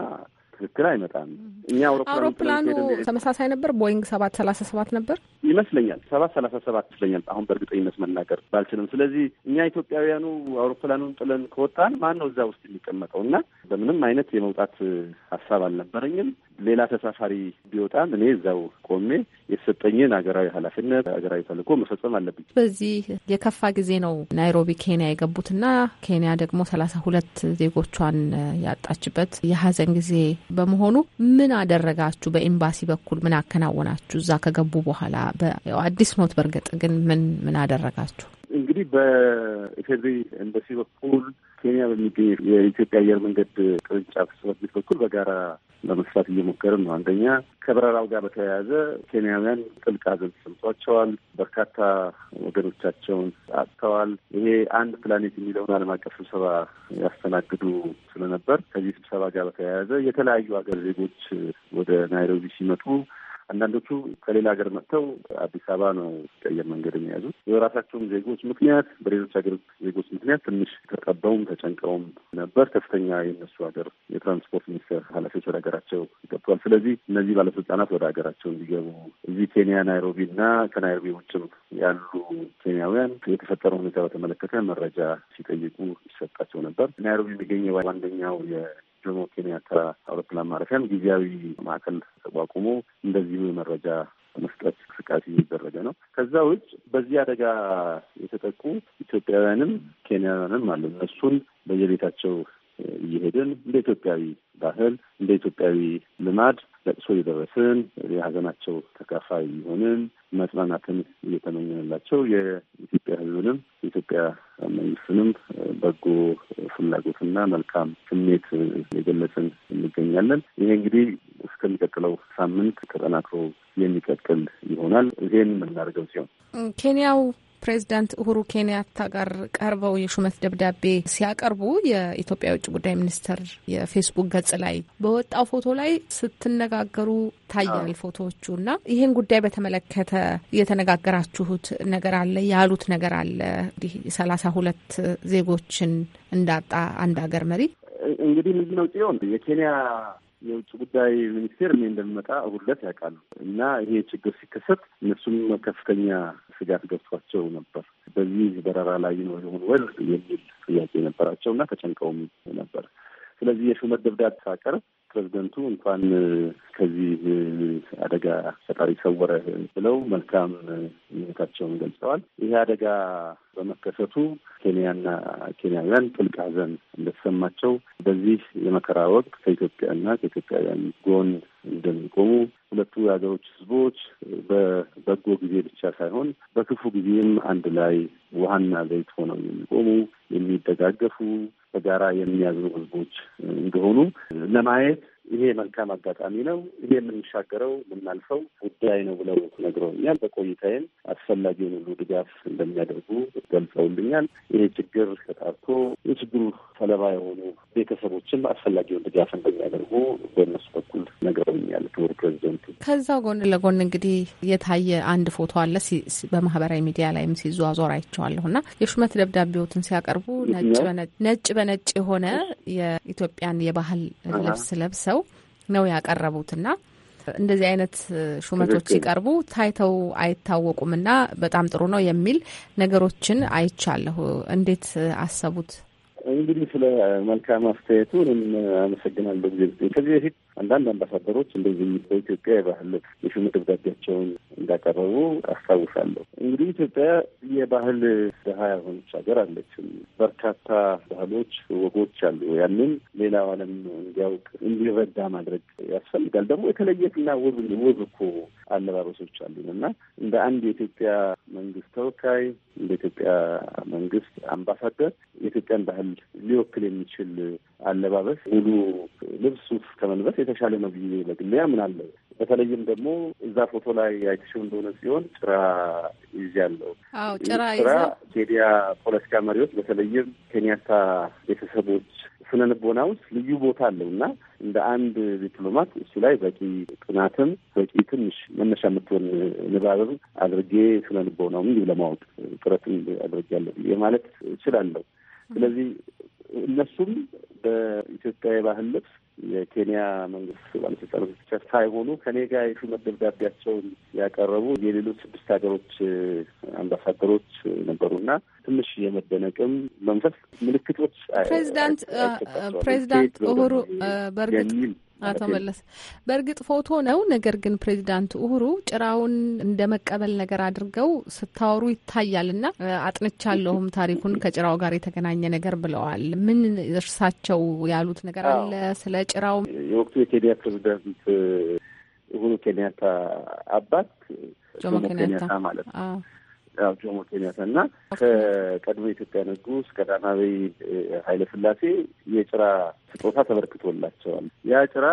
ትክክል አይመጣም። እኛ አውሮፕላኑ ተመሳሳይ ነበር። ቦይንግ ሰባት ሰላሳ ሰባት ነበር ይመስለኛል፣ ሰባት ሰላሳ ሰባት ይመስለኛል። አሁን በእርግጠኝነት መናገር ባልችልም። ስለዚህ እኛ ኢትዮጵያውያኑ አውሮፕላኑን ጥለን ከወጣን ማን ነው እዛ ውስጥ የሚቀመጠው? እና በምንም አይነት የመውጣት ሀሳብ አልነበረኝም። ሌላ ተሳፋሪ ቢወጣም እኔ እዛው ቆሜ የተሰጠኝን ሀገራዊ ኃላፊነት ሀገራዊ ተልእኮ መፈጸም አለብኝ። በዚህ የከፋ ጊዜ ነው ናይሮቢ ኬንያ የገቡትና ኬንያ ደግሞ ሰላሳ ሁለት ዜጎቿን ያጣችበት የሀዘን ጊዜ በመሆኑ ምን አደረጋችሁ? በኤምባሲ በኩል ምን አከናወናችሁ? እዛ ከገቡ በኋላ አዲስ ኖት። በእርግጥ ግን ምን ምን አደረጋችሁ? እንግዲህ በኢፌድሪ ኤምባሲ በኩል ኬንያ በሚገኝ የኢትዮጵያ አየር መንገድ ቅርንጫፍ ጽሕፈት ቤት በኩል በጋራ ለመስራት እየሞከርን ነው። አንደኛ ከበረራው ጋር በተያያዘ ኬንያውያን ጥልቅ ሐዘን ተሰምቷቸዋል። በርካታ ወገኖቻቸውን አጥተዋል። ይሄ አንድ ፕላኔት የሚለውን ዓለም አቀፍ ስብሰባ ያስተናግዱ ስለነበር ከዚህ ስብሰባ ጋር በተያያዘ የተለያዩ ሀገር ዜጎች ወደ ናይሮቢ ሲመጡ አንዳንዶቹ ከሌላ ሀገር መጥተው አዲስ አበባ ነው ቀየር መንገድ የያዙት። የራሳቸውም ዜጎች ምክንያት በሌሎች ሀገር ዜጎች ምክንያት ትንሽ ተጠበውም ተጨንቀውም ነበር። ከፍተኛ የነሱ ሀገር የትራንስፖርት ሚኒስቴር ኃላፊዎች ወደ ሀገራቸው ገብተዋል። ስለዚህ እነዚህ ባለስልጣናት ወደ ሀገራቸው እንዲገቡ እዚህ ኬንያ ናይሮቢ እና ከናይሮቢ ውጭም ያሉ ኬንያውያን የተፈጠረው ሁኔታ በተመለከተ መረጃ ሲጠይቁ ይሰጣቸው ነበር። ናይሮቢ የሚገኘው ዋንደኛው ጆሞ ኬንያታ አውሮፕላን ማረፊያም ጊዜያዊ ማዕከል ተቋቁሞ እንደዚሁ የመረጃ መስጠት እንቅስቃሴ እየተደረገ ነው። ከዛ ውጭ በዚህ አደጋ የተጠቁ ኢትዮጵያውያንም ኬንያውያንም አሉ። እነሱን በየቤታቸው እየሄድን እንደ ኢትዮጵያዊ ባህል እንደ ኢትዮጵያዊ ልማድ ለቅሶ የደረስን የሀዘናቸው ተካፋይ የሆንን መጽናናትን እየተመኘንላቸው የኢትዮጵያ ሕዝብንም የኢትዮጵያ መንግስትንም በጎ ፍላጎትና መልካም ስሜት የገለጽን እንገኛለን። ይሄ እንግዲህ እስከሚቀጥለው ሳምንት ተጠናክሮ የሚቀጥል ይሆናል። ይሄን የምናደርገው ሲሆን ኬንያው ፕሬዚዳንት ኡሁሩ ኬንያታ ጋር ቀርበው የሹመት ደብዳቤ ሲያቀርቡ የኢትዮጵያ የውጭ ጉዳይ ሚኒስቴር የፌስቡክ ገጽ ላይ በወጣው ፎቶ ላይ ስትነጋገሩ ታያል ፎቶዎቹ እና ይህን ጉዳይ በተመለከተ የተነጋገራችሁት ነገር አለ ያሉት ነገር አለ እንዲህ ሰላሳ ሁለት ዜጎችን እንዳጣ አንድ ሀገር መሪ እንግዲህ ምንድን ነው ጽዮን የኬንያ የውጭ ጉዳይ ሚኒስቴር እኔ እንደምመጣ እሑድ ዕለት ያውቃሉ እና ይሄ ችግር ሲከሰት እነሱም ከፍተኛ ስጋት ገብቷቸው ነበር። በዚህ በረራ ላይ ነው የሆን ወል የሚል ጥያቄ ነበራቸው እና ተጨንቀውም ነበር። ስለዚህ የሹመት ደብዳቤ ሳቀርብ ፕሬዚደንቱ እንኳን ከዚህ አደጋ ፈጣሪ ሰወረ ብለው መልካም ምኞታቸውን ገልጸዋል። ይህ አደጋ በመከሰቱ ኬንያና ኬንያውያን ጥልቅ ሐዘን እንደተሰማቸው፣ በዚህ የመከራ ወቅት ከኢትዮጵያና ከኢትዮጵያውያን ጎን እንደሚቆሙ ሁለቱ የሀገሮች ሕዝቦች በበጎ ጊዜ ብቻ ሳይሆን በክፉ ጊዜም አንድ ላይ ውሃና ዘይት ሆነው የሚቆሙ የሚደጋገፉ በጋራ የሚያዝኑ ሕዝቦች እንደሆኑ ለማየት ይሄ መልካም አጋጣሚ ነው፣ ይሄ የምንሻገረው የምናልፈው ጉዳይ ነው ብለው ነግረውኛል። በቆይታዬም አስፈላጊውን ሁሉ ድጋፍ እንደሚያደርጉ ገልጸውልኛል። ይሄ ችግር ተጣርቶ የችግሩ ሰለባ የሆኑ ቤተሰቦችም አስፈላጊውን ድጋፍ እንደሚያደርጉ በእነሱ በኩል ነግረውኛል። ክቡር ፕሬዚደንቱ ከዛው ጎን ለጎን እንግዲህ የታየ አንድ ፎቶ አለ በማህበራዊ ሚዲያ ላይም ሲዘዋዞር አይቼዋለሁ እና የሹመት ደብዳቤዎትን ሲያቀርቡ ነጭ በነጭ የሆነ የኢትዮጵያን የባህል ልብስ ለብሰው ነው ያቀረቡትና እንደዚህ አይነት ሹመቶች ሲቀርቡ ታይተው አይታወቁም እና በጣም ጥሩ ነው የሚል ነገሮችን አይቻለሁ። እንዴት አሰቡት? እንግዲህ ስለ መልካም አስተያየቱ አመሰግናለሁ። ከዚህ በፊት አንዳንድ አምባሳደሮች እንደዚህ በኢትዮጵያ የባህል የሹም ደብዳቤያቸውን እንዳቀረቡ አስታውሳለሁ። እንግዲህ ኢትዮጵያ የባህል ድሀ የሆነች ሀገር አለችም። በርካታ ባህሎች፣ ወጎች አሉ። ያንን ሌላው ዓለም እንዲያውቅ እንዲረዳ ማድረግ ያስፈልጋል። ደግሞ የተለየትና ውብ ውብ እኮ አለባበሶች አሉን እና እንደ አንድ የኢትዮጵያ መንግስት ተወካይ እንደ ኢትዮጵያ መንግስት አምባሳደር የኢትዮጵያን ባህል ሊወክል የሚችል አለባበስ ሙሉ ልብስ ሱፍ ከመልበስ የተሻለ ነው ብዬ በግሌ አምናለሁ። በተለይም ደግሞ እዛ ፎቶ ላይ አይተሽው እንደሆነ ሲሆን ጭራ ይዣለሁ። ጭራ ኬንያ ፖለቲካ መሪዎች በተለይም ኬንያታ ቤተሰቦች ስነ ልቦና ውስጥ ልዩ ቦታ አለው እና እንደ አንድ ዲፕሎማት እሱ ላይ በቂ ጥናትም በቂ ትንሽ መነሻ የምትሆን ንባብም አድርጌ ስነ ልቦናውም እንዲሁ ለማወቅ ጥረትም አድርጌያለሁ ብዬ ማለት እችላለሁ። ስለዚህ እነሱም በኢትዮጵያ የባህል ልብስ የኬንያ መንግስት ባለስልጣኖች ብቻ ሳይሆኑ ከኔ ጋር የሹመት ደብዳቤያቸውን ያቀረቡ የሌሎች ስድስት ሀገሮች አምባሳደሮች ነበሩና ትንሽ የመደነቅም መንፈስ ምልክቶች ፕሬዚዳንት ፕሬዚዳንት ኡሁሩ በእርግጥ አቶ መለስ በእርግጥ ፎቶ ነው። ነገር ግን ፕሬዚዳንት ኡሁሩ ጭራውን እንደ መቀበል ነገር አድርገው ስታወሩ ይታያል እና አጥንቻለሁም ታሪኩን ከጭራው ጋር የተገናኘ ነገር ብለዋል። ምን እርሳቸው ያሉት ነገር አለ ስለ ጭራው? የወቅቱ የኬንያ ፕሬዚዳንት ኡሁሩ ኬንያታ አባት ጆሞ ኬንያታ ማለት ነው ጆሞ ኬንያታና ከቀድሞ የኢትዮጵያ ንጉስ ቀዳማዊ ኃይለ ሥላሴ የጭራ ስጦታ ተበርክቶላቸዋል። ያ ጭራ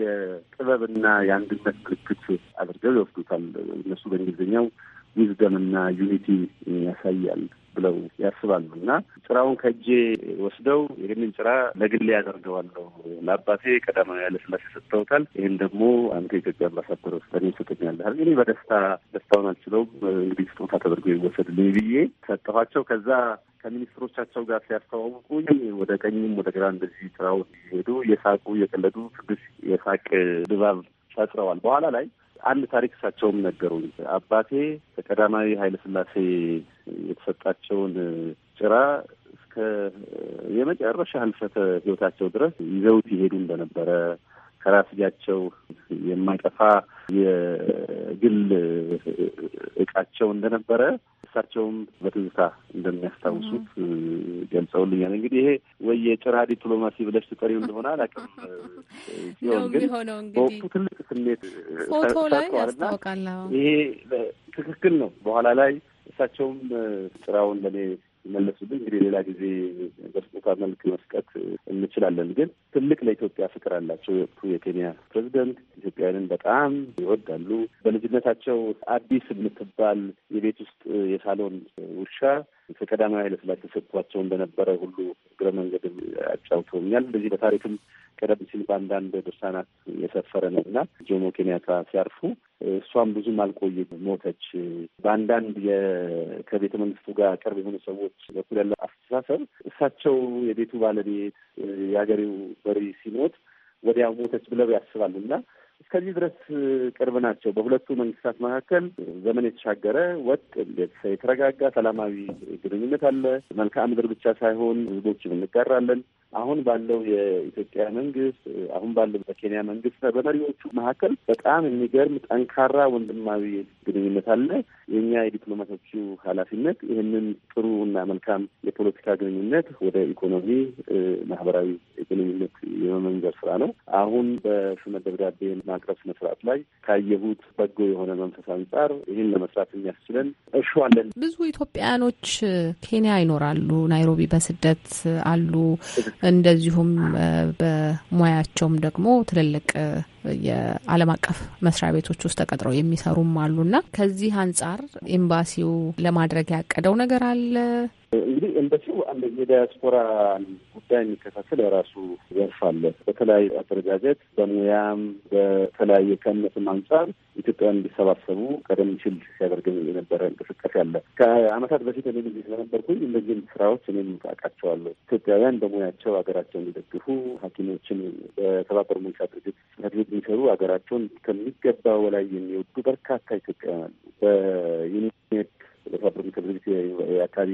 የጥበብና የአንድነት ምልክት አድርገው ይወስዱታል። እነሱ በእንግሊዝኛው ዊዝደምና ዩኒቲ ያሳያል። ብለው ያስባሉ እና ጭራውን ከእጄ ወስደው ይህንን ጭራ ለግሌ ያደርገዋለሁ ለአባቴ ቀዳማዊ ኃይለ ሥላሴ ሰጥተውታል፣ ይህን ደግሞ አንተ ኢትዮጵያ አምባሳደር ወስደን ይሰጥኛለህ። እኔ በደስታ ደስታውን አልችለውም። እንግዲህ ስጦታ ተደርጎ ይወሰድልኝ ብዬ ሰጠኋቸው። ከዛ ከሚኒስትሮቻቸው ጋር ሲያስተዋውቁኝ ወደ ቀኝም ወደ ግራ እንደዚህ ስራው ሲሄዱ እየሳቁ እየቀለዱ ትንሽ የሳቅ ድባብ ፈጥረዋል። በኋላ ላይ አንድ ታሪክ እሳቸውም ነገሩኝ። አባቴ ከቀዳማዊ ኃይለ ሥላሴ የተሰጣቸውን ጭራ እስከ የመጨረሻ ህልፈተ ህይወታቸው ድረስ ይዘውት ይሄዱ እንደነበረ ከራስ እጃቸው የማይጠፋ የግል እቃቸው እንደነበረ እሳቸውም በትዝታ እንደሚያስታውሱት ገልጸውልኛል። እንግዲህ ይሄ ወይ የጭራ ዲፕሎማሲ ብለሽ ትጠሪው እንደሆነ አላውቅም። ሲሆን ግን በወቅቱ ትልቅ ስሜት ፎቶ ይሄ ትክክል ነው። በኋላ ላይ እሳቸውም ጭራውን ለእኔ ሲመለሱብን እንግዲህ ሌላ ጊዜ በስጦታ መልክ መስቀት እንችላለን። ግን ትልቅ ለኢትዮጵያ ፍቅር አላቸው። የወቅቱ የኬንያ ፕሬዚደንት ኢትዮጵያውያንን በጣም ይወዳሉ። በልጅነታቸው አዲስ የምትባል የቤት ውስጥ የሳሎን ውሻ ከቀዳማዊ ኃይለሥላሴ ተሰጥቷቸው እንደነበረ ሁሉ እግረ መንገድ አጫውተውኛል። በዚህ በታሪክም ቀደም ሲል በአንዳንድ ድርሳናት የሰፈረ ነው እና ጆሞ ኬንያታ ሲያርፉ እሷም ብዙም አልቆየች፣ ሞተች። በአንዳንድ ከቤተ መንግስቱ ጋር ቅርብ የሆኑ ሰዎች በኩል ያለው አስተሳሰብ እሳቸው የቤቱ ባለቤት የሀገሬው በሪ ሲሞት ወዲያው ሞተች ብለው ያስባሉ እና እስከዚህ ድረስ ቅርብ ናቸው። በሁለቱ መንግስታት መካከል ዘመን የተሻገረ ወጥ የተረጋጋ ሰላማዊ ግንኙነት አለ። መልክዓ ምድር ብቻ ሳይሆን ህዝቦችም እንጋራለን። አሁን ባለው የኢትዮጵያ መንግስት አሁን ባለው በኬንያ መንግስት በመሪዎቹ መካከል በጣም የሚገርም ጠንካራ ወንድማዊ ግንኙነት አለ። የእኛ የዲፕሎማቶቹ ኃላፊነት ይህንን ጥሩ እና መልካም የፖለቲካ ግንኙነት ወደ ኢኮኖሚ፣ ማህበራዊ ግንኙነት የመመንገር ስራ ነው። አሁን በሹመት ደብዳቤ ማቅረብ ስነስርዓት ላይ ካየሁት በጎ የሆነ መንፈስ አንጻር ይህን ለመስራት የሚያስችለን እሹ አለን። ብዙ ኢትዮጵያውያኖች ኬንያ ይኖራሉ፣ ናይሮቢ በስደት አሉ። እንደዚሁም በሙያቸውም ደግሞ ትልልቅ የዓለም አቀፍ መስሪያ ቤቶች ውስጥ ተቀጥረው የሚሰሩም አሉና ከዚህ አንጻር ኤምባሲው ለማድረግ ያቀደው ነገር አለ። እንግዲህ ኤምባሲው የዲያስፖራ ጉዳይ የሚከታተል የራሱ ዘርፍ አለ። በተለያዩ አደረጃጀት፣ በሙያም በተለያየ ከእምነትም አንጻር ኢትዮጵያ እንዲሰባሰቡ ቀደም ሲል ሲያደርግ የነበረ እንቅስቃሴ አለ። ከአመታት በፊት እኔ ጊዜ ስለነበርኩኝ እነዚህም ስራዎች እኔም አውቃቸዋለሁ። ኢትዮጵያውያን በሙያቸው ሀገራቸው እንዲደግፉ ሐኪሞችን በተባበሩ መንግስታት ድርጅት ጽሕፈት ቤት የሚሰሩ ሀገራቸውን ከሚገባ በላይ የሚወዱ በርካታ ኢትዮጵያውያን በዩኒሴፍ በተባበሩ መንግስታት ድርጅት የአካባቢ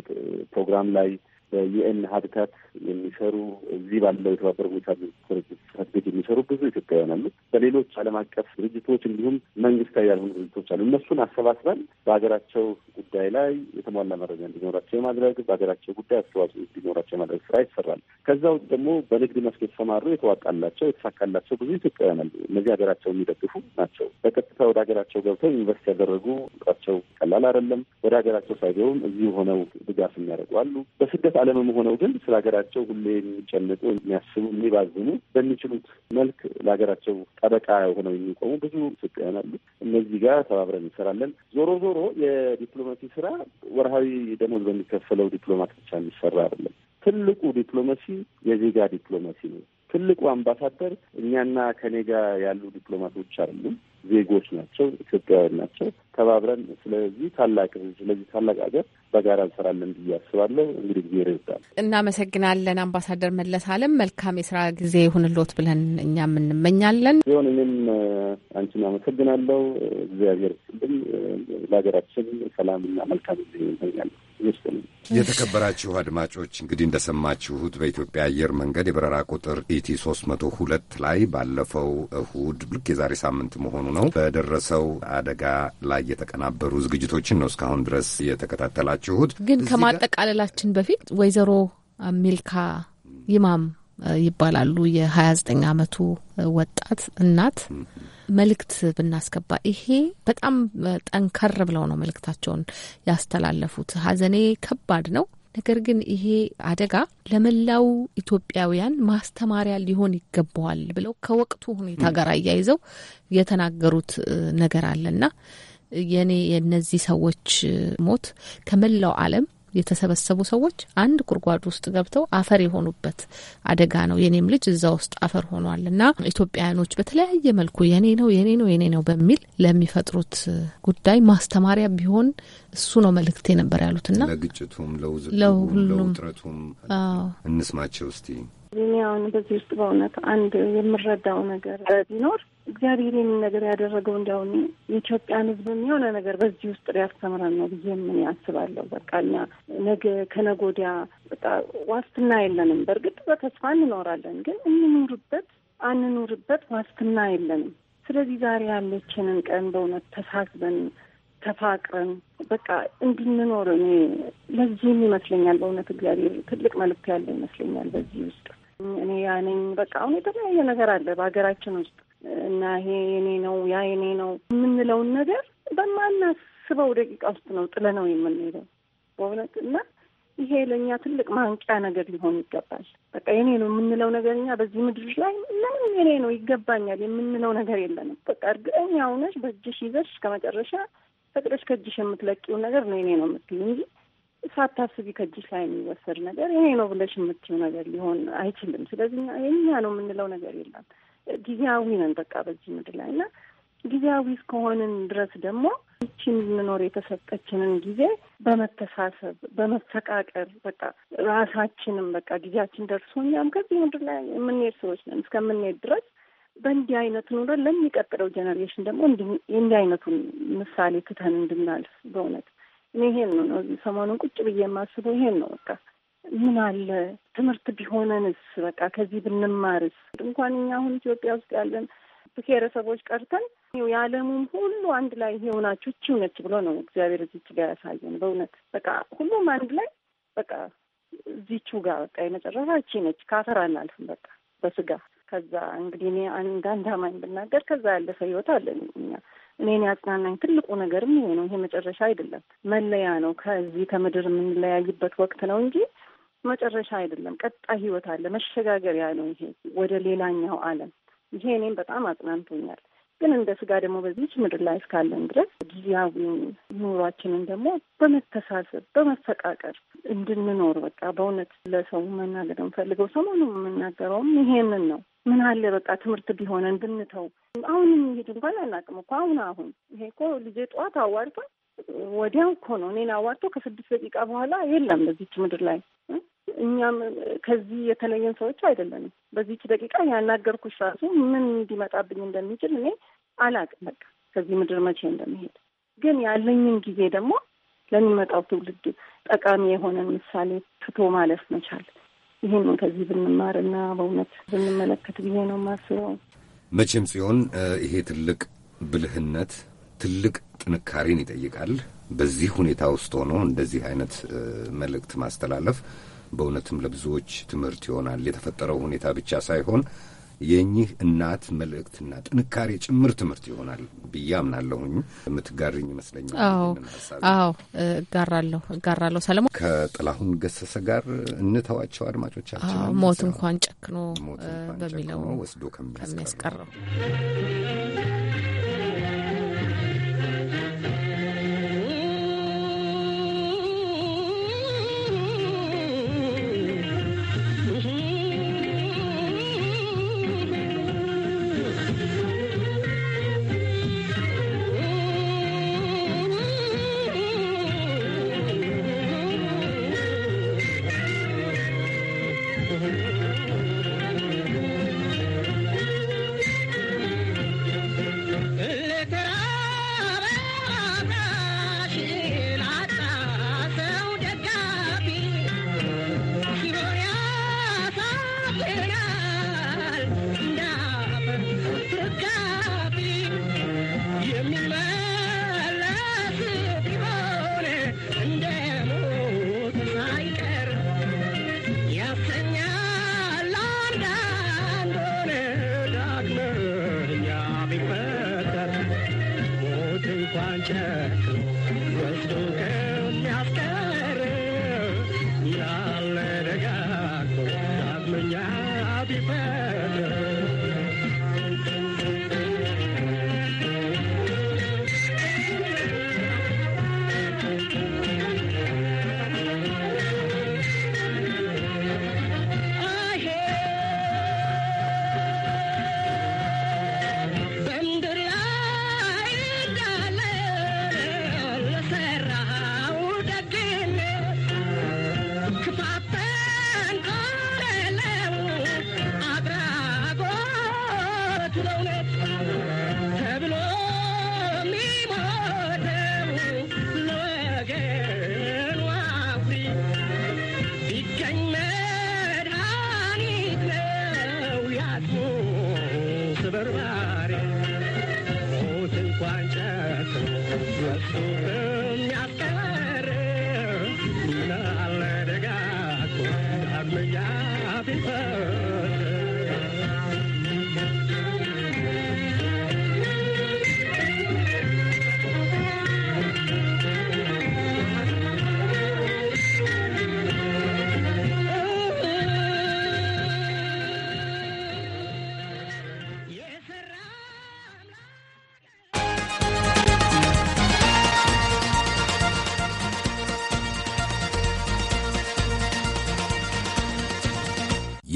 ፕሮግራም ላይ በዩኤን ሀብታት የሚሰሩ እዚህ ባለው የተባበሩት መንግስታት ድርጅት ቤት የሚሰሩ ብዙ ኢትዮጵያውያን አሉ። በሌሎች ዓለም አቀፍ ድርጅቶች እንዲሁም መንግስታዊ ያልሆኑ ድርጅቶች አሉ። እነሱን አሰባስበን በሀገራቸው ጉዳይ ላይ የተሟላ መረጃ እንዲኖራቸው የማድረግ በሀገራቸው ጉዳይ አስተዋጽኦ እንዲኖራቸው የማድረግ ስራ ይሰራል። ከዛ ውጭ ደግሞ በንግድ መስክ የተሰማሩ የተዋጣላቸው የተሳካላቸው ብዙ ኢትዮጵያውያን አሉ። እነዚህ ሀገራቸው የሚደግፉ ናቸው። በቀጥታ ወደ ሀገራቸው ገብተው ዩኒቨርስቲ ያደረጉ ቸው ቀላል አይደለም። ወደ ሀገራቸው ሳይገቡም እዚሁ ሆነው ድጋፍ የሚያደርጉ አሉ። በስደት ባለመሆነው ግን ስለ ሀገራቸው ሁሌ የሚጨነቁ የሚያስቡ፣ የሚባዝኑ በሚችሉት መልክ ለሀገራቸው ጠበቃ ሆነው የሚቆሙ ብዙ ኢትዮጵያውያን አሉ። እነዚህ ጋር ተባብረን እንሰራለን። ዞሮ ዞሮ የዲፕሎማሲ ስራ ወርሃዊ ደሞዝ በሚከፈለው ዲፕሎማት ብቻ የሚሰራ አይደለም። ትልቁ ዲፕሎማሲ የዜጋ ዲፕሎማሲ ነው። ትልቁ አምባሳደር እኛና ከኔ ጋር ያሉ ዲፕሎማቶች አይደሉም። ዜጎች ናቸው፣ ኢትዮጵያውያን ናቸው። ተባብረን ስለዚህ ታላቅ ስለዚህ ታላቅ ሀገር በጋራ እንሰራለን ብዬ አስባለሁ። እንግዲህ ጊዜ ይረዳል። እናመሰግናለን አምባሳደር መለስ አለም። መልካም የስራ ጊዜ ይሁንልዎት ብለን እኛም እንመኛለን። ሲሆን እኔም አንቺን አመሰግናለሁ። እግዚአብሔር ስልም ለሀገራችን ሰላምና መልካም ጊዜ ይመኛለሁ። የተከበራችሁ አድማጮች እንግዲህ እንደሰማችሁት በኢትዮጵያ አየር መንገድ የበረራ ቁጥር ኢቲ ሶስት መቶ ሁለት ላይ ባለፈው እሁድ ልክ የዛሬ ሳምንት መሆኑ ነው። በደረሰው አደጋ ላይ የተቀናበሩ ዝግጅቶችን ነው እስካሁን ድረስ የተከታተላችሁት። ግን ከማጠቃለላችን በፊት ወይዘሮ ሚልካ ይማም ይባላሉ የ29 ዓመቱ ወጣት እናት መልእክት ብናስገባ ይሄ በጣም ጠንከር ብለው ነው መልእክታቸውን ያስተላለፉት። ሀዘኔ ከባድ ነው ነገር ግን ይሄ አደጋ ለመላው ኢትዮጵያውያን ማስተማሪያ ሊሆን ይገባዋል ብለው ከወቅቱ ሁኔታ ጋር አያይዘው የተናገሩት ነገር አለና የእኔ የእነዚህ ሰዎች ሞት ከመላው ዓለም የተሰበሰቡ ሰዎች አንድ ጉድጓድ ውስጥ ገብተው አፈር የሆኑበት አደጋ ነው። የኔም ልጅ እዛ ውስጥ አፈር ሆኗል እና ኢትዮጵያውያኖች በተለያየ መልኩ የኔ ነው የኔ ነው የኔ ነው በሚል ለሚፈጥሩት ጉዳይ ማስተማሪያ ቢሆን እሱ ነው መልእክቴ ነበር ያሉትና ለግጭቱም፣ ለሁሉም ለውጥረቱም እንስማቸው እስቲ። እኔ አሁን በዚህ ውስጥ በእውነት አንድ የምረዳው ነገር ቢኖር እግዚአብሔር ይህንን ነገር ያደረገው እንዲያውም የኢትዮጵያን ህዝብ የሚሆነ ነገር በዚህ ውስጥ ሊያስተምረን ነው ብዬ ምን ያስባለሁ። በቃ እኛ ነገ ከነገ ወዲያ በቃ ዋስትና የለንም። በእርግጥ በተስፋ እንኖራለን፣ ግን እንኑርበት አንኑርበት ዋስትና የለንም። ስለዚህ ዛሬ ያለችንን ቀን በእውነት ተሳስበን ተፋቅረን በቃ እንድንኖር እኔ ለዚህም ይመስለኛል በእውነት እግዚአብሔር ትልቅ መልእክት ያለ ይመስለኛል በዚህ ውስጥ እኔ ያነኝ በቃ አሁን የተለያየ ነገር አለ በሀገራችን ውስጥ እና ይሄ የኔ ነው ያ የኔ ነው የምንለውን ነገር በማናስበው ደቂቃ ውስጥ ነው ጥለ ነው የምንሄደው በእውነት እና ይሄ ለእኛ ትልቅ ማንቂያ ነገር ሊሆን ይገባል። በቃ የኔ ነው የምንለው ነገር እኛ በዚህ ምድር ላይ ለምን የኔ ነው ይገባኛል የምንለው ነገር የለንም። በቃ እርግጠኛ ሆነሽ በእጅሽ ይዘሽ ከመጨረሻ ፈቅደሽ ከእጅሽ የምትለቂው ነገር ነው የኔ ነው የምትይው እንጂ ሳታስቢ ከእጅሽ ላይ የሚወሰድ ነገር የኔ ነው ብለሽ የምትይው ነገር ሊሆን አይችልም። ስለዚህ የኛ ነው የምንለው ነገር የለም። ጊዜያዊ ነን በቃ በዚህ ምድር ላይ እና ጊዜያዊ እስከሆንን ድረስ ደግሞ ይቺ እንድንኖር የተሰጠችንን ጊዜ በመተሳሰብ በመፈቃቀር በቃ ራሳችንም በቃ ጊዜያችን ደርሶ እኛም ከዚህ ምድር ላይ የምንሄድ ሰዎች ነን እስከምንሄድ ድረስ በእንዲህ አይነት ኑሮ ለሚቀጥለው ጀኔሬሽን ደግሞ እንዲህ አይነቱን ምሳሌ ትተን እንድናልፍ በእውነት እኔ ይሄን ነው ሰሞኑን ቁጭ ብዬ የማስበው ይሄን ነው በቃ ምን አለ ትምህርት ቢሆነንስ በቃ ከዚህ ብንማርስ እንኳን እኛ አሁን ኢትዮጵያ ውስጥ ያለን ብሔረሰቦች ቀርተን የዓለሙም ሁሉ አንድ ላይ የሆናችሁ እችው ነች ብሎ ነው እግዚአብሔር እዚች ጋር ያሳየን። በእውነት በቃ ሁሉም አንድ ላይ በቃ እዚቹ ጋር በቃ የመጨረሻ እቺ ነች። ከአፈር አናልፍም በቃ በስጋ ከዛ እንግዲህ እኔ አንድ አንድ አማኝ ብናገር ከዛ ያለፈ ህይወት አለን እኛ እኔን ያጽናናኝ ትልቁ ነገርም ይሄ ነው። ይሄ መጨረሻ አይደለም፣ መለያ ነው። ከዚህ ከምድር የምንለያይበት ወቅት ነው እንጂ መጨረሻ አይደለም፣ ቀጣይ ህይወት አለ። መሸጋገሪያ ነው ይሄ ወደ ሌላኛው ዓለም። ይሄ እኔም በጣም አጽናንቶኛል። ግን እንደ ስጋ ደግሞ በዚች ምድር ላይ እስካለን ድረስ ጊዜያዊ ኑሯችንን ደግሞ በመተሳሰብ በመፈቃቀር እንድንኖር በቃ በእውነት ለሰው መናገር የምፈልገው ሰሞኑ የምናገረውም ይሄንን ነው። ምን አለ በቃ ትምህርት ቢሆነ እንድንተው አሁን የሚሄድ እንኳን አናውቅም እኮ አሁን አሁን ይሄ እኮ ልጄ ጠዋት አዋርቷል ወዲያው እኮ ነው እኔን አዋጡ ከስድስት ደቂቃ በኋላ የለም በዚች ምድር ላይ እኛም ከዚህ የተለየን ሰዎች አይደለንም። በዚች ደቂቃ ያናገርኩሽ ራሱ ምን እንዲመጣብኝ እንደሚችል እኔ አላቅም። በቃ ከዚህ ምድር መቼ እንደሚሄድ ግን ያለኝን ጊዜ ደግሞ ለሚመጣው ትውልድ ጠቃሚ የሆነን ምሳሌ ትቶ ማለፍ መቻል ይህን ከዚህ ብንማርና በእውነት ብንመለከት ብዬ ነው የማስበው። መቼም ጽዮን ይሄ ትልቅ ብልህነት ትልቅ ጥንካሬን ይጠይቃል። በዚህ ሁኔታ ውስጥ ሆኖ እንደዚህ አይነት መልእክት ማስተላለፍ በእውነትም ለብዙዎች ትምህርት ይሆናል። የተፈጠረው ሁኔታ ብቻ ሳይሆን የእኚህ እናት መልእክትና ጥንካሬ ጭምር ትምህርት ይሆናል ብዬ አምናለሁኝ። የምትጋርኝ ይመስለኛል። አዎ፣ እጋራለሁ እጋራለሁ። ሰለሞን ከጥላሁን ገሰሰ ጋር እንተዋቸው አድማጮቻችን። ሞት እንኳን ጨክኖ በሚለው ወስዶ ከሚያስቀረው happy man.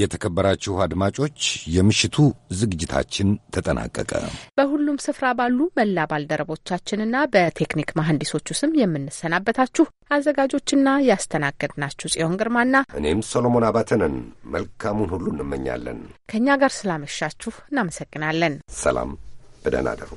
የተከበራችሁ አድማጮች፣ የምሽቱ ዝግጅታችን ተጠናቀቀ። በሁሉም ስፍራ ባሉ መላ ባልደረቦቻችንና በቴክኒክ መሐንዲሶቹ ስም የምንሰናበታችሁ አዘጋጆችና ያስተናገድናችሁ ጽዮን ግርማና እኔም ሶሎሞን አባተንን መልካሙን ሁሉ እንመኛለን። ከእኛ ጋር ስላመሻችሁ እናመሰግናለን። ሰላም፣ በደህና አደሩ።